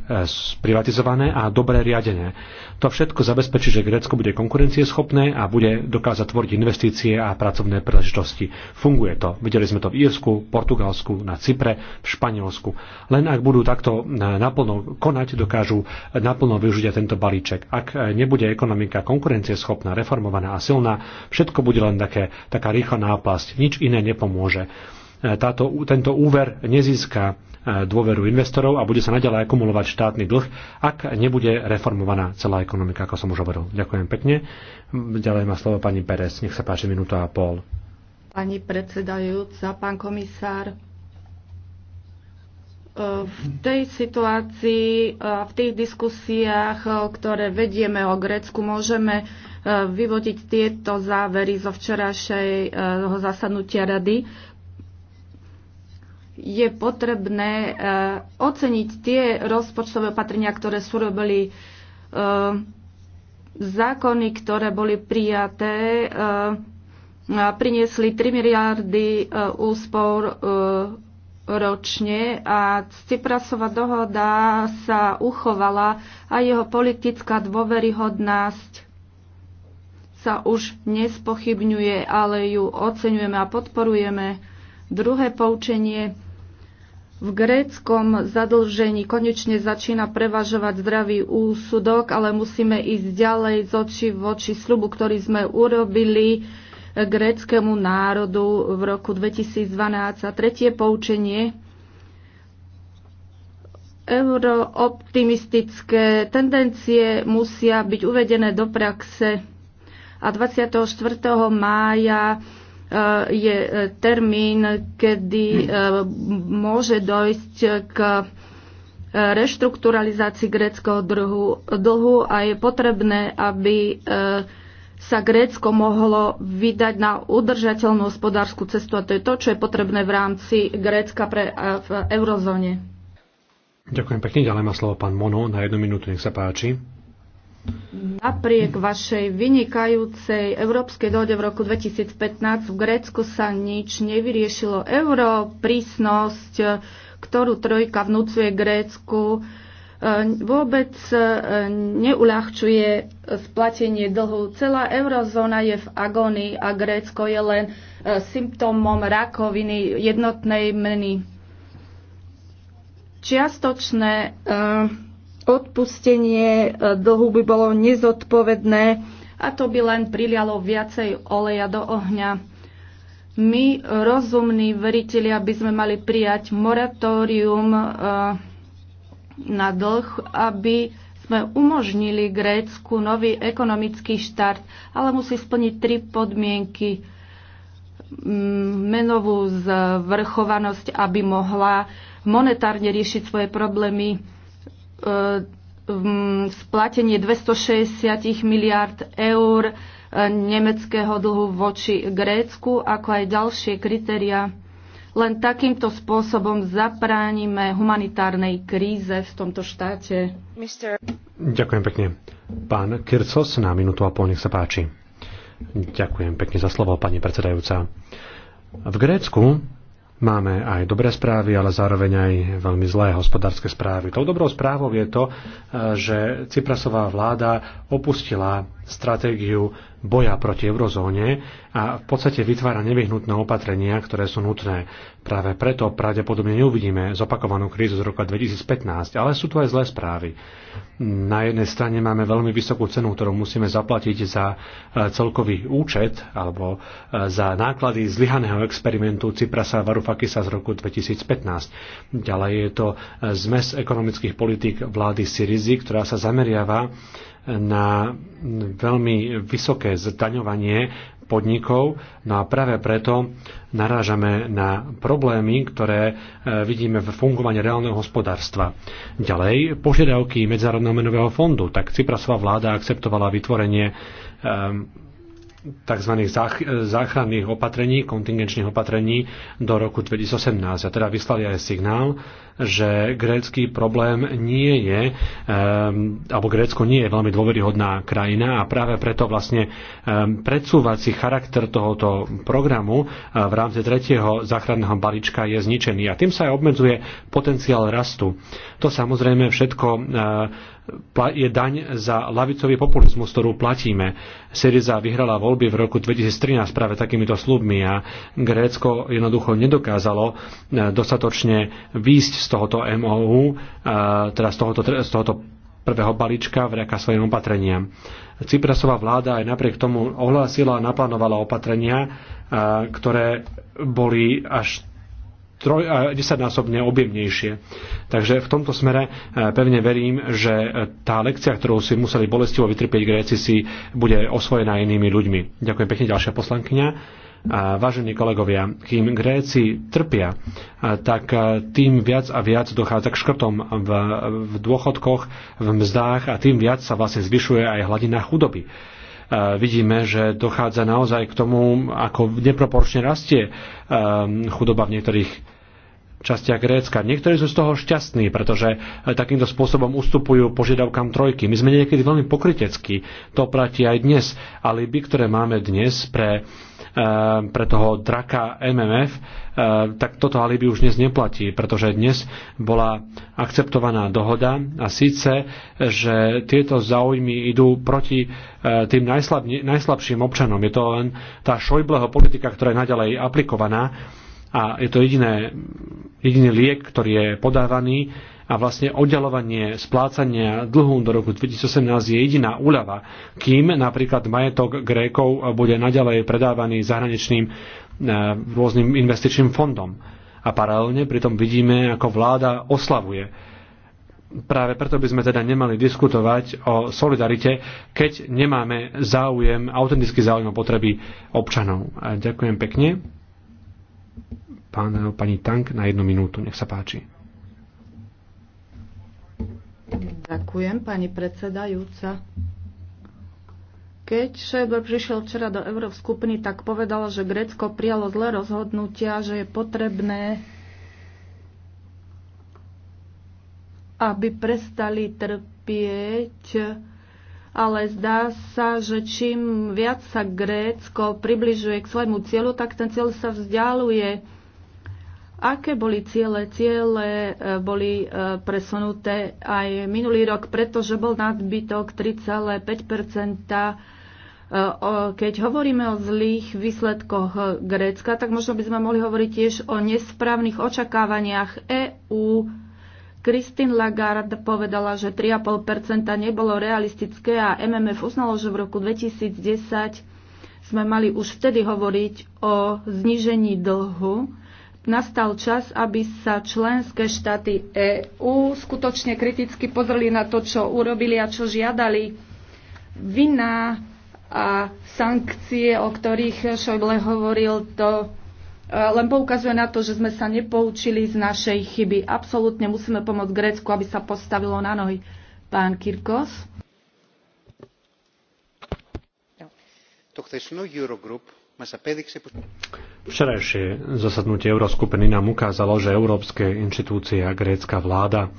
privatizované a dobre riadené. To všetko zabezpečí, že Grécko bude konkurencieschopné a bude dokázať tvoriť investície a pracovné príležitosti. Funguje to. Videli sme to v Írsku, Portugalsku, na Cypre, v Španielsku. Len ak budú takto e, naplno konať, dokážu naplno využiť aj tento balíček. Ak e, nebude ekonomika konkurencieschopná, reformovaná a silná, všetko bude len také, taká rýchla náplasť. Nič iné nepomôže. E, táto, tento úver nezíska dôveru investorov a bude sa naďalej akumulovať štátny dlh, ak nebude reformovaná celá ekonomika, ako som už hovoril. Ďakujem pekne. Ďalej má slovo pani Perez. Nech sa páči minúta a pol. Pani predsedajúca, pán komisár, v tej situácii, v tých diskusiách, ktoré vedieme o Grécku, môžeme e, vyvodiť tieto závery zo včerajšieho e, zasadnutia rady je potrebné e, oceniť tie rozpočtové opatrenia, ktoré sú robili e, zákony, ktoré boli prijaté, e, priniesli 3 miliardy úspor ročne a Ciprasová dohoda sa uchovala a jeho politická dôveryhodnosť sa už nespochybňuje, ale ju oceňujeme a podporujeme. Druhé poučenie v gréckom zadlžení konečne začína prevažovať zdravý úsudok, ale musíme ísť ďalej z oči v oči slubu, ktorý sme urobili gréckému národu v roku 2012. A tretie poučenie eurooptimistické tendencie musia byť uvedené do praxe. A 24. mája Eh, je eh, termín, kedy eh, môže dojsť k reštrukturalizácii gréckého dlhu a je potrebné, aby sa Grécko mohlo vydať na udržateľnú hospodárskú cestu a to je to, čo je potrebné v rámci Grécka pre, v eurozóne. Ďakujem pekne, ďalej má slovo pán Mono na jednu minútu, nech sa páči. Napriek vašej vynikajúcej európskej dohode v roku 2015 v Grécku sa nič nevyriešilo. Euro, prísnosť, ktorú trojka vnúcuje Grécku, e, vôbec e, neuľahčuje splatenie dlhu. Celá eurozóna je v agónii a Grécko je len e, symptómom rakoviny jednotnej meny. Čiastočné odpustenie e, dlhu by bolo nezodpovedné a to by len prilialo viacej oleja do ohňa. My, rozumní veriteľi, aby sme mali prijať moratórium e, na dlh, aby sme umožnili Grécku nový ekonomický štart, ale musí splniť tri podmienky. Menovú zvrchovanosť, aby mohla monetárne riešiť svoje problémy, Mm, splatenie 260 miliard eur e, nemeckého dlhu voči Grécku, ako aj ďalšie kritéria. Len takýmto spôsobom zapránime humanitárnej kríze v tomto štáte. Mister... Ďakujem pekne. Pán Kircos na minútu a pol, nech sa páči. Ďakujem pekne za slovo, pani predsedajúca. V Grécku Máme aj dobré správy, ale zároveň aj veľmi zlé hospodárske správy. Tou dobrou správou je to, e, že Cyprasová vláda opustila stratégiu boja proti eurozóne a v podstate vytvára nevyhnutné opatrenia, ktoré sú nutné. Práve preto pravdepodobne neuvidíme zopakovanú krízu z roka 2015, ale sú tu aj zlé správy. Na jednej strane máme veľmi vysokú cenu, ktorú musíme zaplatiť za e, celkový účet alebo e, za náklady zlyhaného experimentu Ciprasa Varufakisa z roku 2015. Ďalej je to e, zmes ekonomických politík vlády Syrizy, ktorá sa zameriava na veľmi vysoké zdaňovanie podnikov. No a práve preto narážame na problémy, ktoré e, vidíme v fungovaní reálneho hospodárstva. Ďalej, požiadavky Medzárodného menového fondu. Tak Ciprasová vláda akceptovala vytvorenie e, tzv. E, záchranných opatrení, kontingenčných opatrení do roku 2018. A teda vyslali aj signál, že grécky problém nie je, ehm, alebo Grécko nie je veľmi dôveryhodná krajina a práve preto vlastne ehm, predsúvací charakter tohoto programu eh, v rámci tretieho záchranného balíčka je zničený a tým sa aj obmedzuje potenciál rastu. To samozrejme všetko eh, je daň za lavicový populizmus, ktorú platíme. Syriza vyhrala voľby v roku 2013 práve takýmito slubmi a Grécko jednoducho nedokázalo eh, dostatočne výjsť z tohoto MOU, eh, teda z tohoto, z tohoto prvého balíčka vďaka svojim opatreniam. Cyprasová vláda aj napriek tomu ohlásila a naplánovala opatrenia, eh, ktoré boli až troj, desaťnásobne objemnejšie. Takže v tomto smere eh, pevne verím, že tá lekcia, ktorú si museli bolestivo vytrpieť Gréci, si bude osvojená inými ľuďmi. Ďakujem pekne, ďalšia poslankyňa. Vážení kolegovia, kým Gréci trpia, tak tým viac a viac dochádza k škrtom v, v dôchodkoch, v mzdách a tým viac sa vlastne zvyšuje aj hladina chudoby vidíme, že dochádza naozaj k tomu, ako neproporčne rastie chudoba v niektorých častiach Grécka. Niektorí sú z toho šťastní, pretože takýmto spôsobom ustupujú požiadavkám trojky. My sme niekedy veľmi pokriteckí, to platí aj dnes, ale by, ktoré máme dnes pre uh, Ehm, pre toho draka MMF, ehm, tak toto alibi už dnes neplatí, pretože dnes bola akceptovaná dohoda a síce, že tieto záujmy idú proti ehm, tým najslab, najslabším občanom. Je to len tá šojbleho politika, ktorá je naďalej aplikovaná a je to jediné, jediný liek, ktorý je podávaný a vlastne oddelovanie splácania dlhu do roku 2018 je jediná úľava, kým napríklad majetok Grékov bude naďalej predávaný zahraničným e, rôznym investičným fondom. A paralelne pritom vidíme, ako vláda oslavuje Práve preto by sme teda nemali diskutovať o solidarite, keď nemáme záujem, autentický záujem o potreby občanov. A ďakujem pekne. Pán, pani Tank na jednu minútu, nech sa páči. Ďakujem, pani predsedajúca. Keď Šéber prišiel včera do Európskupiny, tak povedala, že Grécko prijalo zlé rozhodnutia, že je potrebné, aby prestali trpieť, ale zdá sa, že čím viac sa Grécko približuje k svojmu cieľu, tak ten cieľ sa vzdialuje Aké boli ciele? Ciele e, boli e, presunuté aj minulý rok, pretože bol nadbytok 3,5 e, keď hovoríme o zlých výsledkoch Grécka, tak možno by sme mohli hovoriť tiež o nesprávnych očakávaniach EÚ. Christine Lagarde povedala, že 3,5 nebolo realistické a MMF uznalo, že v roku 2010 sme mali už vtedy hovoriť o znížení dlhu nastal čas, aby sa členské štáty EÚ skutočne kriticky pozreli na to, čo urobili a čo žiadali. Vina a sankcie, o ktorých Šojble hovoril, to e, len poukazuje na to, že sme sa nepoučili z našej chyby. Absolútne musíme pomôcť Grécku, aby sa postavilo na nohy. Pán Kirkos. Το no. χθεσινό no, Eurogroup μας απέδειξε πως... Včerajšie zasadnutie Euroskupiny nám ukázalo, že európske inštitúcie a grécka vláda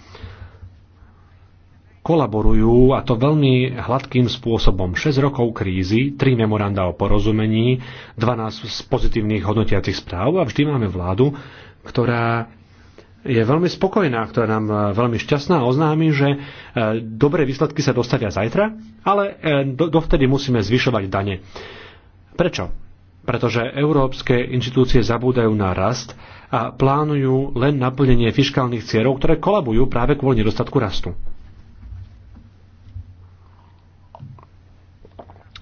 kolaborujú a to veľmi hladkým spôsobom. 6 rokov krízy, 3 memoranda o porozumení, 12 pozitívnych hodnotiacich správ a vždy máme vládu, ktorá je veľmi spokojná, ktorá nám veľmi šťastná a oznámi, že e, dobré výsledky sa dostavia zajtra, ale e, dovtedy musíme zvyšovať dane. Prečo? pretože európske inštitúcie zabúdajú na rast a plánujú len naplnenie fiskálnych cieľov, ktoré kolabujú práve kvôli nedostatku rastu.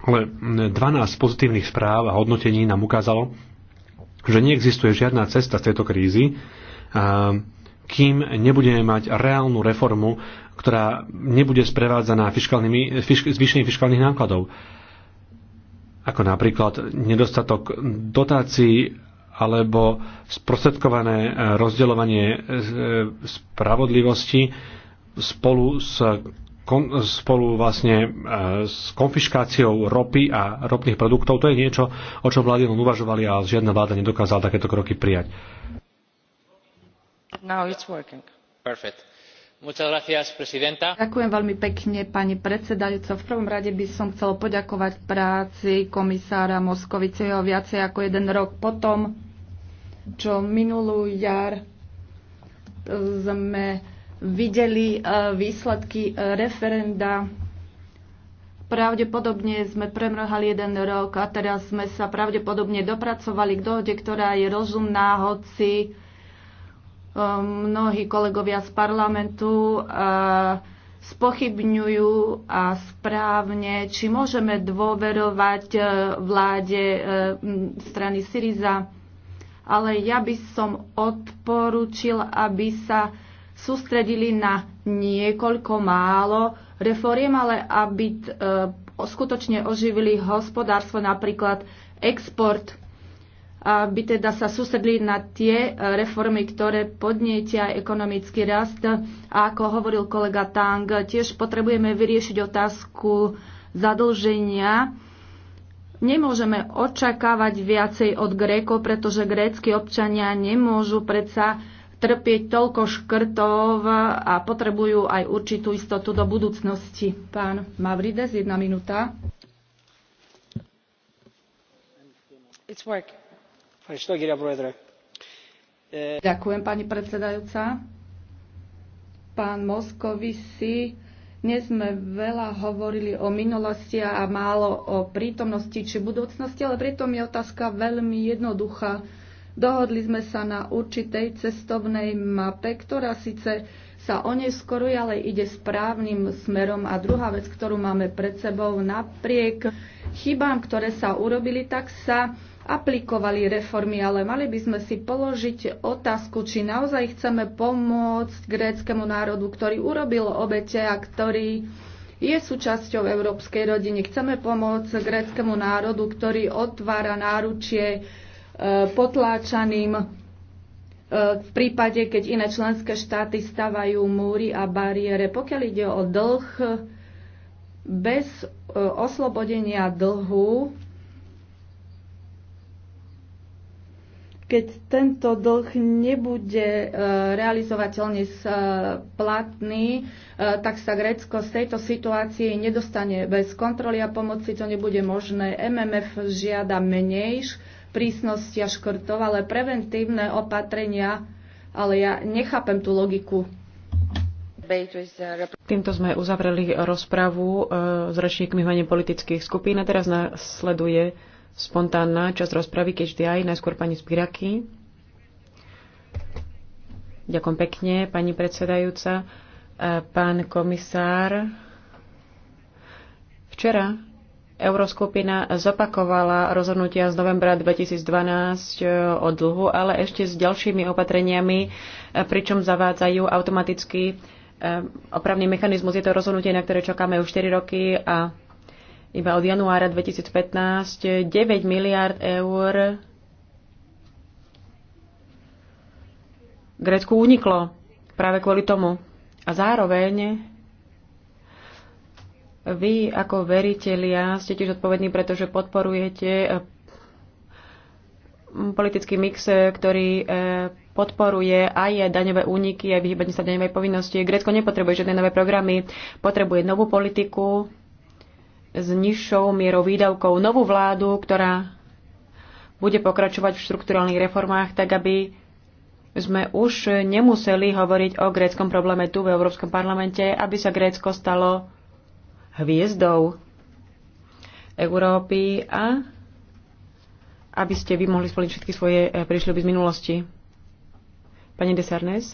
Ale 12 pozitívnych správ a hodnotení nám ukázalo, že neexistuje žiadna cesta z tejto krízy, kým nebudeme mať reálnu reformu, ktorá nebude sprevádzaná fiskálnymi, zvýšením fiskálnych nákladov ako napríklad nedostatok dotácií alebo sprostredkované e, rozdeľovanie e, spravodlivosti spolu s spolu vlastne e, s konfiškáciou ropy a ropných produktov. To je niečo, o čom vlády len uvažovali a žiadna vláda nedokázala takéto kroky prijať. Now it's working. Perfect. Ďakujem veľmi pekne, pani predsedajúca. V prvom rade by som chcela poďakovať práci komisára Moskoviceho viacej ako jeden rok potom, čo minulú jar e, sme videli e, výsledky e, referenda. Pravdepodobne sme premrhali jeden rok a teraz sme sa pravdepodobne dopracovali k dohode, ktorá je rozumná, hoci Ehm, mnohí kolegovia z parlamentu eh, spochybňujú a správne, či môžeme dôverovať eh, vláde eh, strany Syriza. Ale ja by som odporučil, aby sa sústredili na niekoľko málo reforiem, ale aby skutočne oživili hospodárstvo, napríklad export aby teda sa susedli na tie e, reformy, ktoré podnietia ekonomický rast. A ako hovoril kolega Tang, tiež potrebujeme vyriešiť otázku zadlženia. Nemôžeme očakávať viacej od Grékov, pretože grécky občania nemôžu predsa trpieť toľko škrtov a potrebujú aj určitú istotu do budúcnosti. Pán Mavrides, jedna minúta. It's working. Ďakujem, pani predsedajúca. Pán Moskovici. dnes sme veľa hovorili o minulosti a málo o prítomnosti či budúcnosti, ale pritom je otázka veľmi jednoduchá. Dohodli sme sa na určitej cestovnej mape, ktorá síce sa oneskoruje, ale ide správnym smerom. A druhá vec, ktorú máme pred sebou, napriek chybám, ktoré sa urobili, tak sa aplikovali reformy, ale mali by sme si položiť otázku, či naozaj chceme pomôcť gréckému národu, ktorý urobil obete a ktorý je súčasťou európskej rodiny. Chceme pomôcť gréckému národu, ktorý otvára náručie e, potláčaným e, v prípade, keď iné členské štáty stavajú múry a bariére. Pokiaľ ide o dlh, bez e, oslobodenia dlhu Keď tento dlh nebude e, realizovateľne e, platný, e, tak sa Grécko z tejto situácie nedostane bez kontroly a pomoci to nebude možné. MMF žiada menej prísnosti a škrtov, ale preventívne opatrenia, ale ja nechápem tú logiku. Týmto sme uzavreli rozpravu s rečníkmi hlavne politických skupín a teraz nasleduje spontánna časť rozpravy, keďže aj najskôr pani Spiraky. Ďakujem pekne, pani predsedajúca. E, pán komisár, včera Euroskupina zopakovala rozhodnutia z novembra 2012 e, o dlhu, ale ešte s ďalšími opatreniami, e, pričom zavádzajú automaticky opravný mechanizmus. Je to rozhodnutie, na ktoré čakáme už 4 roky a iba od januára 2015 9 miliard eur Grécku uniklo práve kvôli tomu. A zároveň vy ako veritelia ste tiež odpovední, pretože podporujete eh, politický mix, eh, ktorý eh, podporuje aj daňové úniky, aj vyhybanie sa daňovej povinnosti. Grécko nepotrebuje žiadne nové programy, potrebuje novú politiku, s nižšou mierou výdavkov novú vládu, ktorá bude pokračovať v štrukturálnych reformách, tak aby sme už nemuseli hovoriť o gréckom probléme tu v Európskom parlamente, aby sa Grécko stalo hviezdou Európy a aby ste vy mohli splniť všetky svoje eh, prišľuby z minulosti. Pani Desarnes.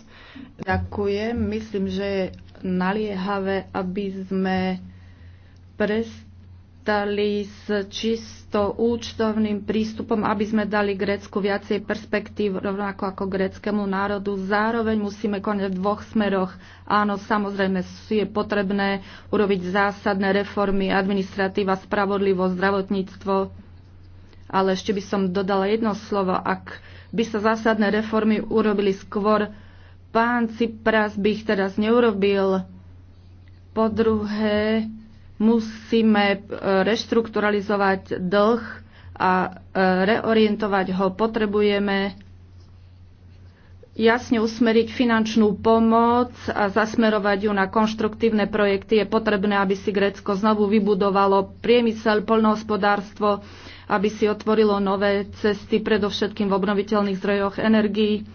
Ďakujem. Myslím, že je naliehavé, aby sme prestali zostali s čisto účtovným prístupom, aby sme dali Grécku viacej perspektív, rovnako ako gréckému národu. Zároveň musíme konať v dvoch smeroch. Áno, samozrejme je potrebné urobiť zásadné reformy, administratíva, spravodlivosť, zdravotníctvo. Ale ešte by som dodala jedno slovo. Ak by sa zásadné reformy urobili skôr, pán Cipras by ich teraz neurobil. Po druhé, Musíme e, reštrukturalizovať dlh a e, reorientovať ho. Potrebujeme jasne usmeriť finančnú pomoc a zasmerovať ju na konštruktívne projekty. Je potrebné, aby si Grécko znovu vybudovalo priemysel, poľnohospodárstvo, aby si otvorilo nové cesty, predovšetkým v obnoviteľných zdrojoch energií.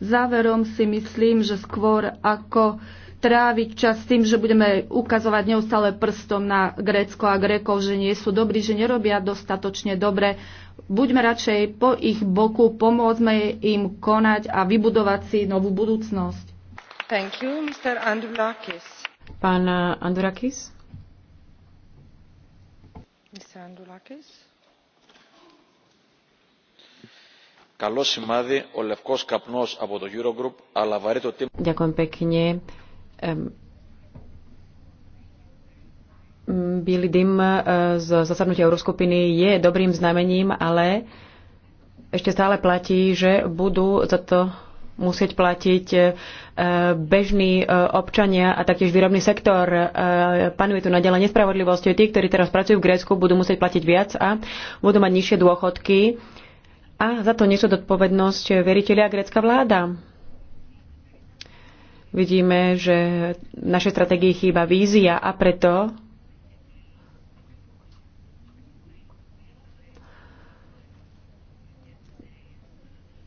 Záverom si myslím, že skôr ako tráviť čas tým, že budeme ukazovať neustále prstom na Grécko a Grékov, že nie sú dobrí, že nerobia dostatočne dobre. Buďme radšej po ich boku, pomôcme im konať a vybudovať si novú budúcnosť. Thank you, Mr. Andulakis. Pán Andurakis. Mr. Andulakis? Καλό σημάδι, ο λευκός καπνός από το Eurogroup, αλλά βαρύ το τίμημα. Ďakujem pekne. Bílý dym e, z zasadnutia Euroskupiny je dobrým znamením, ale ešte stále platí, že budú za to musieť platiť e, bežní e, občania a taktiež výrobný sektor. Panuje tu naďalej nespravodlivosť. Tí, ktorí teraz pracujú v Grécku, budú musieť platiť viac a budú mať nižšie dôchodky. A za to nesú zodpovednosť veriteľia a grécka vláda. Vidíme, že našej stratégii chýba vízia a preto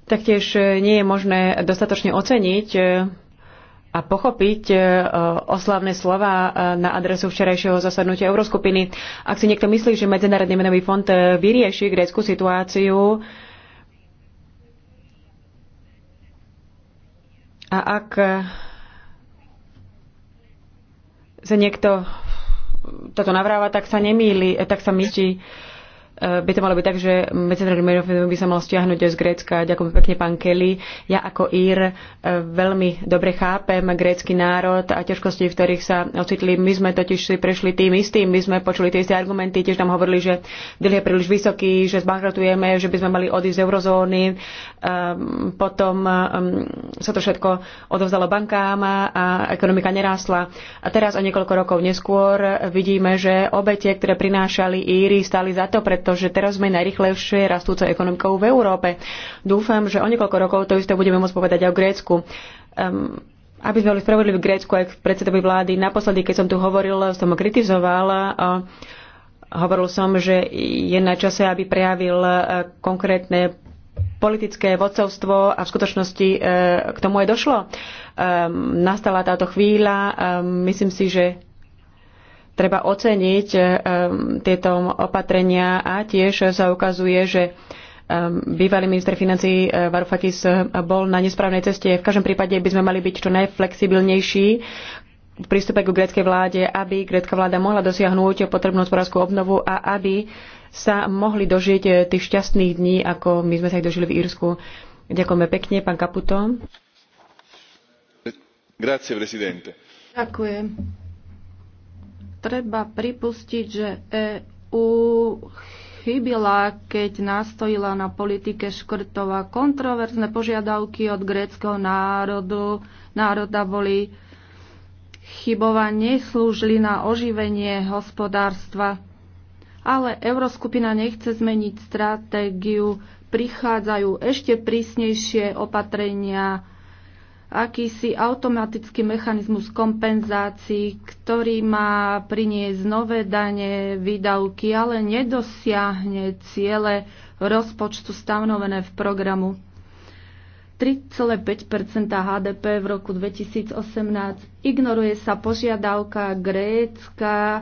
taktiež nie je možné dostatočne oceniť e, a pochopiť e, oslavné slova e, na adresu včerajšieho zasadnutia Euroskupiny. Ak si niekto myslí, že Medzinárodný menový fond vyrieši grécku situáciu a ak že niekto toto navráva, tak sa nemýli, tak sa myčí. Eh, by to malo byť tak, že Medzinárodný menový by sa mal stiahnuť aj z Grécka. Ďakujem pekne, pán Kelly. Ja ako Ír eh, veľmi dobre chápem grécky národ a ťažkosti, v ktorých sa ocitli. My sme totiž si prešli tým istým, my sme počuli tie isté argumenty, tiež nám hovorili, že dlh je príliš vysoký, že zbankrotujeme, že by sme mali odísť z eurozóny. Eh, potom sa to všetko odovzdalo bankám a ekonomika nerásla. A teraz o niekoľko rokov neskôr vidíme, že obete, ktoré prinášali Íry, stali za to, preto pretože teraz sme najrychlejšie rastúcou ekonomikou v Európe. Dúfam, že o niekoľko rokov to isté budeme môcť povedať aj o Grécku. Um, aby sme boli spravodliví v Grécku aj k predsedovi vlády, naposledy, keď som tu hovoril, som ho kritizovala. hovoril som, že je na čase, aby prejavil e, konkrétne politické vodcovstvo a v skutočnosti e, k tomu aj došlo. E, nastala táto chvíľa. e, myslím si, že treba oceniť e, tieto opatrenia a tiež sa ukazuje, že e, bývalý minister financí e, Varoufakis bol na nesprávnej ceste. V každom prípade by sme mali byť čo najflexibilnejší v prístupe ku gréckej vláde, aby grécka vláda mohla dosiahnuť potrebnú hospodárskú obnovu a aby sa mohli dožiť tých šťastných dní, ako my sme sa ich dožili v Írsku. Ďakujeme pekne, pán Kaputo. Grazie, presidente. Ďakujem treba pripustiť, že EU chybila, keď nastojila na politike Škrtova, Kontroverzne kontroverzné požiadavky od gréckého národu, národa boli chybova neslúžili na oživenie hospodárstva. Ale Euroskupina nechce zmeniť stratégiu, prichádzajú ešte prísnejšie opatrenia akýsi automatický mechanizmus kompenzácií, ktorý má priniesť nové dane, výdavky, ale nedosiahne ciele rozpočtu stanovené v programu. 3,5 HDP v roku 2018. Ignoruje sa požiadavka Grécka e,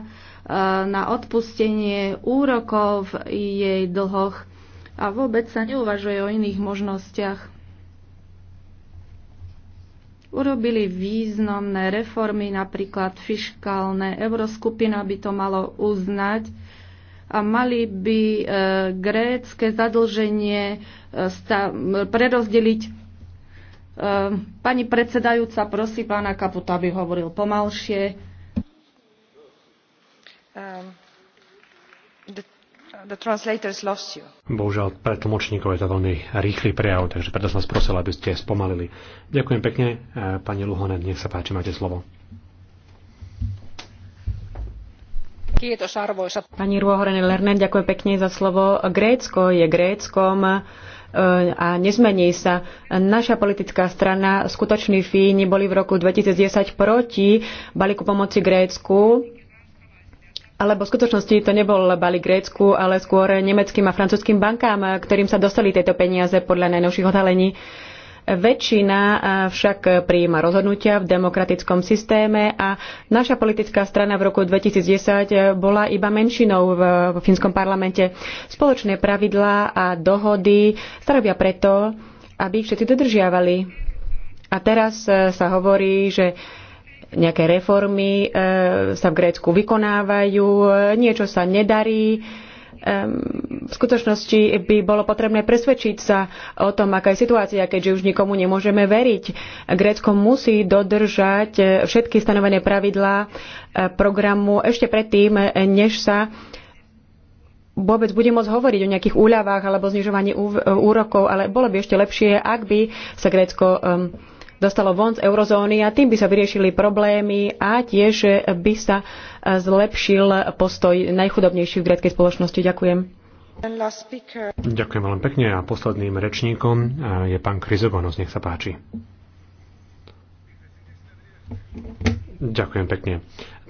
na odpustenie úrokov v jej dlhoch a vôbec sa neuvažuje o iných možnostiach urobili významné reformy, napríklad fiškálne. Euroskupina by to malo uznať a mali by e, grécké zadlženie e, sta, prerozdeliť. E, pani predsedajúca prosím pána Kaputa, aby hovoril pomalšie. Um, Bohužiaľ, pre tlmočníkov je to veľmi rýchly prejav, takže preto som vás prosil, aby ste spomalili. Ďakujem pekne, e, pani Luhonen, nech sa páči, máte slovo. Pani Ruohorene Lerner, ďakujem pekne za slovo. Grécko je Gréckom e, a nezmení sa. Naša politická strana, skutoční Fíni, boli v roku 2010 proti balíku pomoci Grécku alebo v skutočnosti to nebol balík Grécku, ale skôr nemeckým a francúzským bankám, ktorým sa dostali tieto peniaze podľa najnovších odhalení. Väčšina eh, však prijíma rozhodnutia v demokratickom systéme a naša politická strana v roku 2010 eh, bola iba menšinou v fínskom parlamente. Spoločné pravidlá a dohody sa robia preto, aby ich všetci dodržiavali. A teraz eh, sa hovorí, že nejaké reformy e, sa v Grécku vykonávajú, e, niečo sa nedarí. E, v skutočnosti by bolo potrebné presvedčiť sa o tom, aká je situácia, keďže už nikomu nemôžeme veriť. Grécko musí dodržať všetky stanovené pravidlá programu ešte predtým, než sa vôbec bude môcť hovoriť o nejakých úľavách alebo znižovaní úrokov, ale bolo by ešte lepšie, ak by sa Grécko dostalo von z eurozóny a tým by sa vyriešili problémy a tiež by sa e, zlepšil postoj najchudobnejších v gréckej spoločnosti. Ďakujem. Ďakujem veľmi pekne a posledným rečníkom e, je pán Krizogonos, nech sa páči. Ďakujem pekne.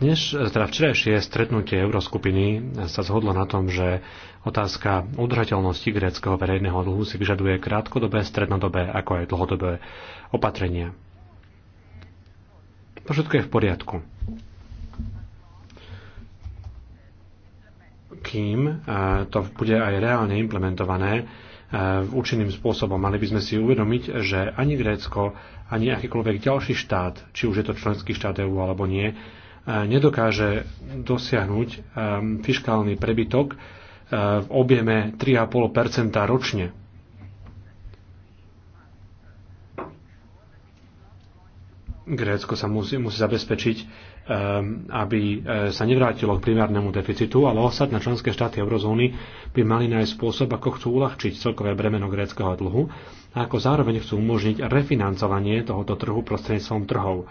Dnes, teda včerajšie stretnutie Euroskupiny sa zhodlo na tom, že otázka udržateľnosti gréckého verejného dlhu si vyžaduje krátkodobé, strednodobé ako aj dlhodobé opatrenia. To všetko je v poriadku. Kým e, to bude aj reálne implementované, e, účinným spôsobom. Mali by sme si uvedomiť, že ani Grécko, ani akýkoľvek ďalší štát, či už je to členský štát EÚ alebo nie, e, nedokáže dosiahnuť fiskálny prebytok v objeme 3,5 ročne. Grécko sa musí, musí zabezpečiť, um, aby uh, sa nevrátilo k primárnemu deficitu, ale ostatné členské štáty eurozóny by mali nájsť spôsob, ako chcú uľahčiť celkové bremeno gréckého dlhu a ako zároveň chcú umožniť refinancovanie tohoto trhu prostredníctvom trhov.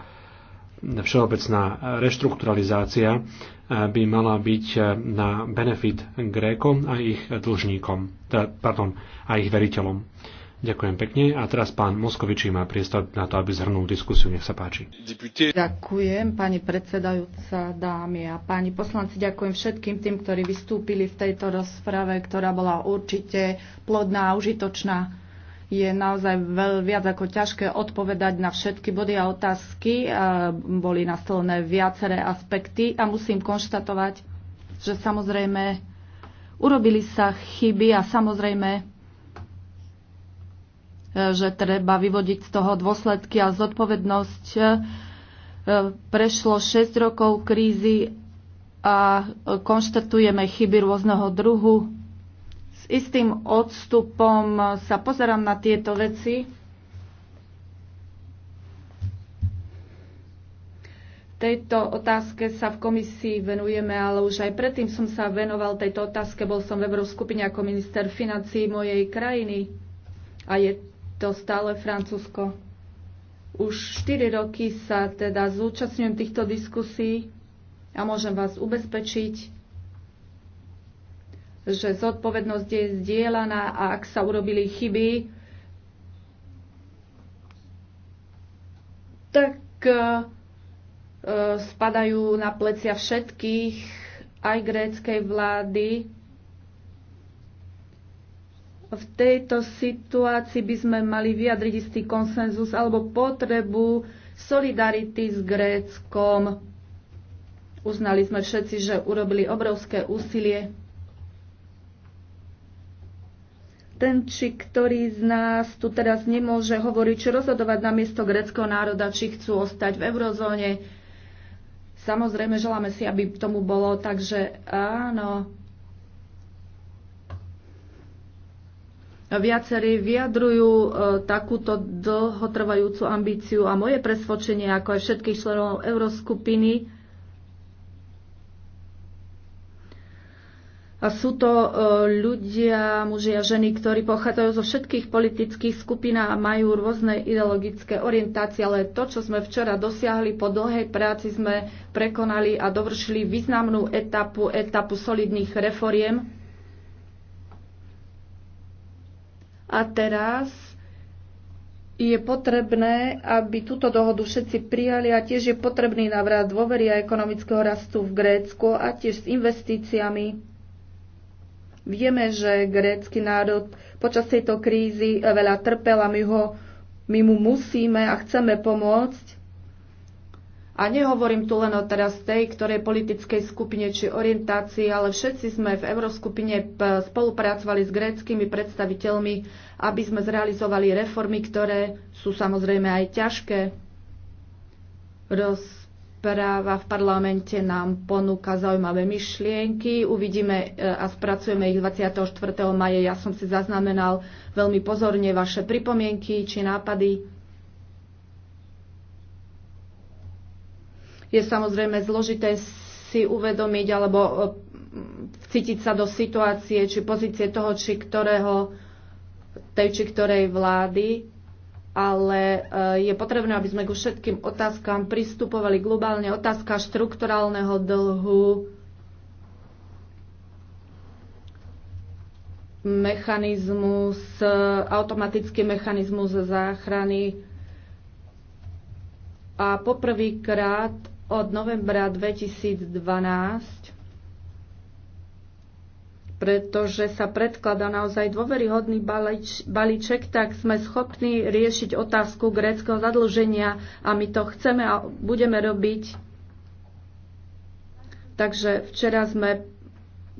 Všeobecná reštrukturalizácia uh, by mala byť uh, na benefit Grékom a ich dlžníkom, teda, pardon, a ich veriteľom. Ďakujem pekne. A teraz pán Moskovičí má priestor na to, aby zhrnul diskusiu. Nech sa páči. Ďakujem, pani predsedajúca, dámy a páni poslanci. Ďakujem všetkým tým, ktorí vystúpili v tejto rozprave, ktorá bola určite plodná a užitočná. Je naozaj veľ, viac ako ťažké odpovedať na všetky body a otázky. E, boli nastolené viaceré aspekty a musím konštatovať, že samozrejme urobili sa chyby a samozrejme že treba vyvodiť z toho dôsledky a zodpovednosť. E, prešlo 6 rokov krízy a konštatujeme chyby rôzneho druhu. S istým odstupom sa pozerám na tieto veci. Tejto otázke sa v komisii venujeme, ale už aj predtým som sa venoval tejto otázke. Bol som v Euroskupine ako minister financí mojej krajiny. A je to stále Francúzsko. Už 4 roky sa teda zúčastňujem týchto diskusí a môžem vás ubezpečiť, že zodpovednosť je zdieľaná a ak sa urobili chyby, tak e, e, spadajú na plecia všetkých, aj gréckej vlády, v tejto situácii by sme mali vyjadriť istý konsenzus alebo potrebu solidarity s Gréckom. Uznali sme všetci, že urobili obrovské úsilie. Ten, či ktorý z nás tu teraz nemôže hovoriť, či rozhodovať na miesto gréckého národa, či chcú ostať v eurozóne. Samozrejme, želáme si, aby tomu bolo, takže áno, Viacerí vyjadrujú e, takúto dlhotrvajúcu ambíciu a moje presvedčenie, ako aj všetkých členov Euroskupiny, A sú to e, ľudia, muži a ženy, ktorí pochádzajú zo všetkých politických skupín a majú rôzne ideologické orientácie, ale to, čo sme včera dosiahli po dlhej práci, sme prekonali a dovršili významnú etapu, etapu solidných reforiem A teraz je potrebné, aby túto dohodu všetci prijali a tiež je potrebný návrat dôvery a ekonomického rastu v Grécku a tiež s investíciami. Vieme, že grécky národ počas tejto krízy veľa trpel a my, ho, my mu musíme a chceme pomôcť, a nehovorím tu len o teraz tej, ktorej politickej skupine či orientácii, ale všetci sme v Euroskupine spolupracovali s gréckými predstaviteľmi, aby sme zrealizovali reformy, ktoré sú samozrejme aj ťažké. Rozpráva v parlamente nám ponúka zaujímavé myšlienky. Uvidíme e, a spracujeme ich 24. maje. Ja som si zaznamenal veľmi pozorne vaše pripomienky či nápady. Je samozrejme zložité si uvedomiť alebo e, cítiť sa do situácie či pozície toho, či ktorého, tej či ktorej vlády, ale e, je potrebné, aby sme ku všetkým otázkam pristupovali globálne. Otázka štrukturálneho dlhu, mechanizmus, e, automatický mechanizmus záchrany. A poprvýkrát od novembra 2012, pretože sa predkladá naozaj dôveryhodný balíček, tak sme schopní riešiť otázku gréckého zadlženia a my to chceme a budeme robiť. Takže včera sme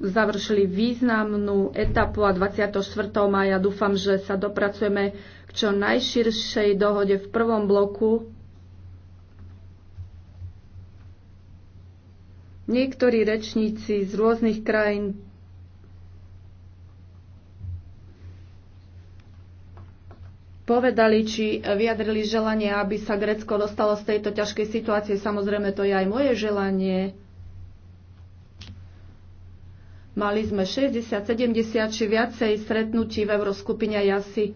završili významnú etapu a 24. maja dúfam, že sa dopracujeme k čo najširšej dohode v prvom bloku Niektorí rečníci z rôznych krajín povedali, či vyjadrili želanie, aby sa Grécko dostalo z tejto ťažkej situácie. Samozrejme, to je aj moje želanie. Mali sme 60, 70 či viacej stretnutí v Euroskupine. Ja si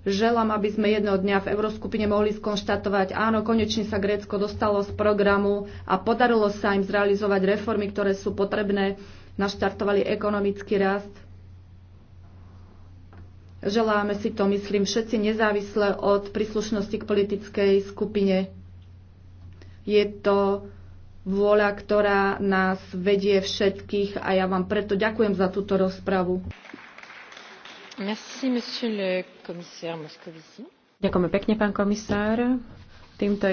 Želám, aby sme jedného dňa v Euroskupine mohli skonštatovať, áno, konečne sa Grécko dostalo z programu a podarilo sa im zrealizovať reformy, ktoré sú potrebné, naštartovali ekonomický rast. Želáme si to, myslím, všetci nezávisle od príslušnosti k politickej skupine. Je to vôľa, ktorá nás vedie všetkých a ja vám preto ďakujem za túto rozpravu týmto Merci, Ďakujeme a pán komisár. Týmto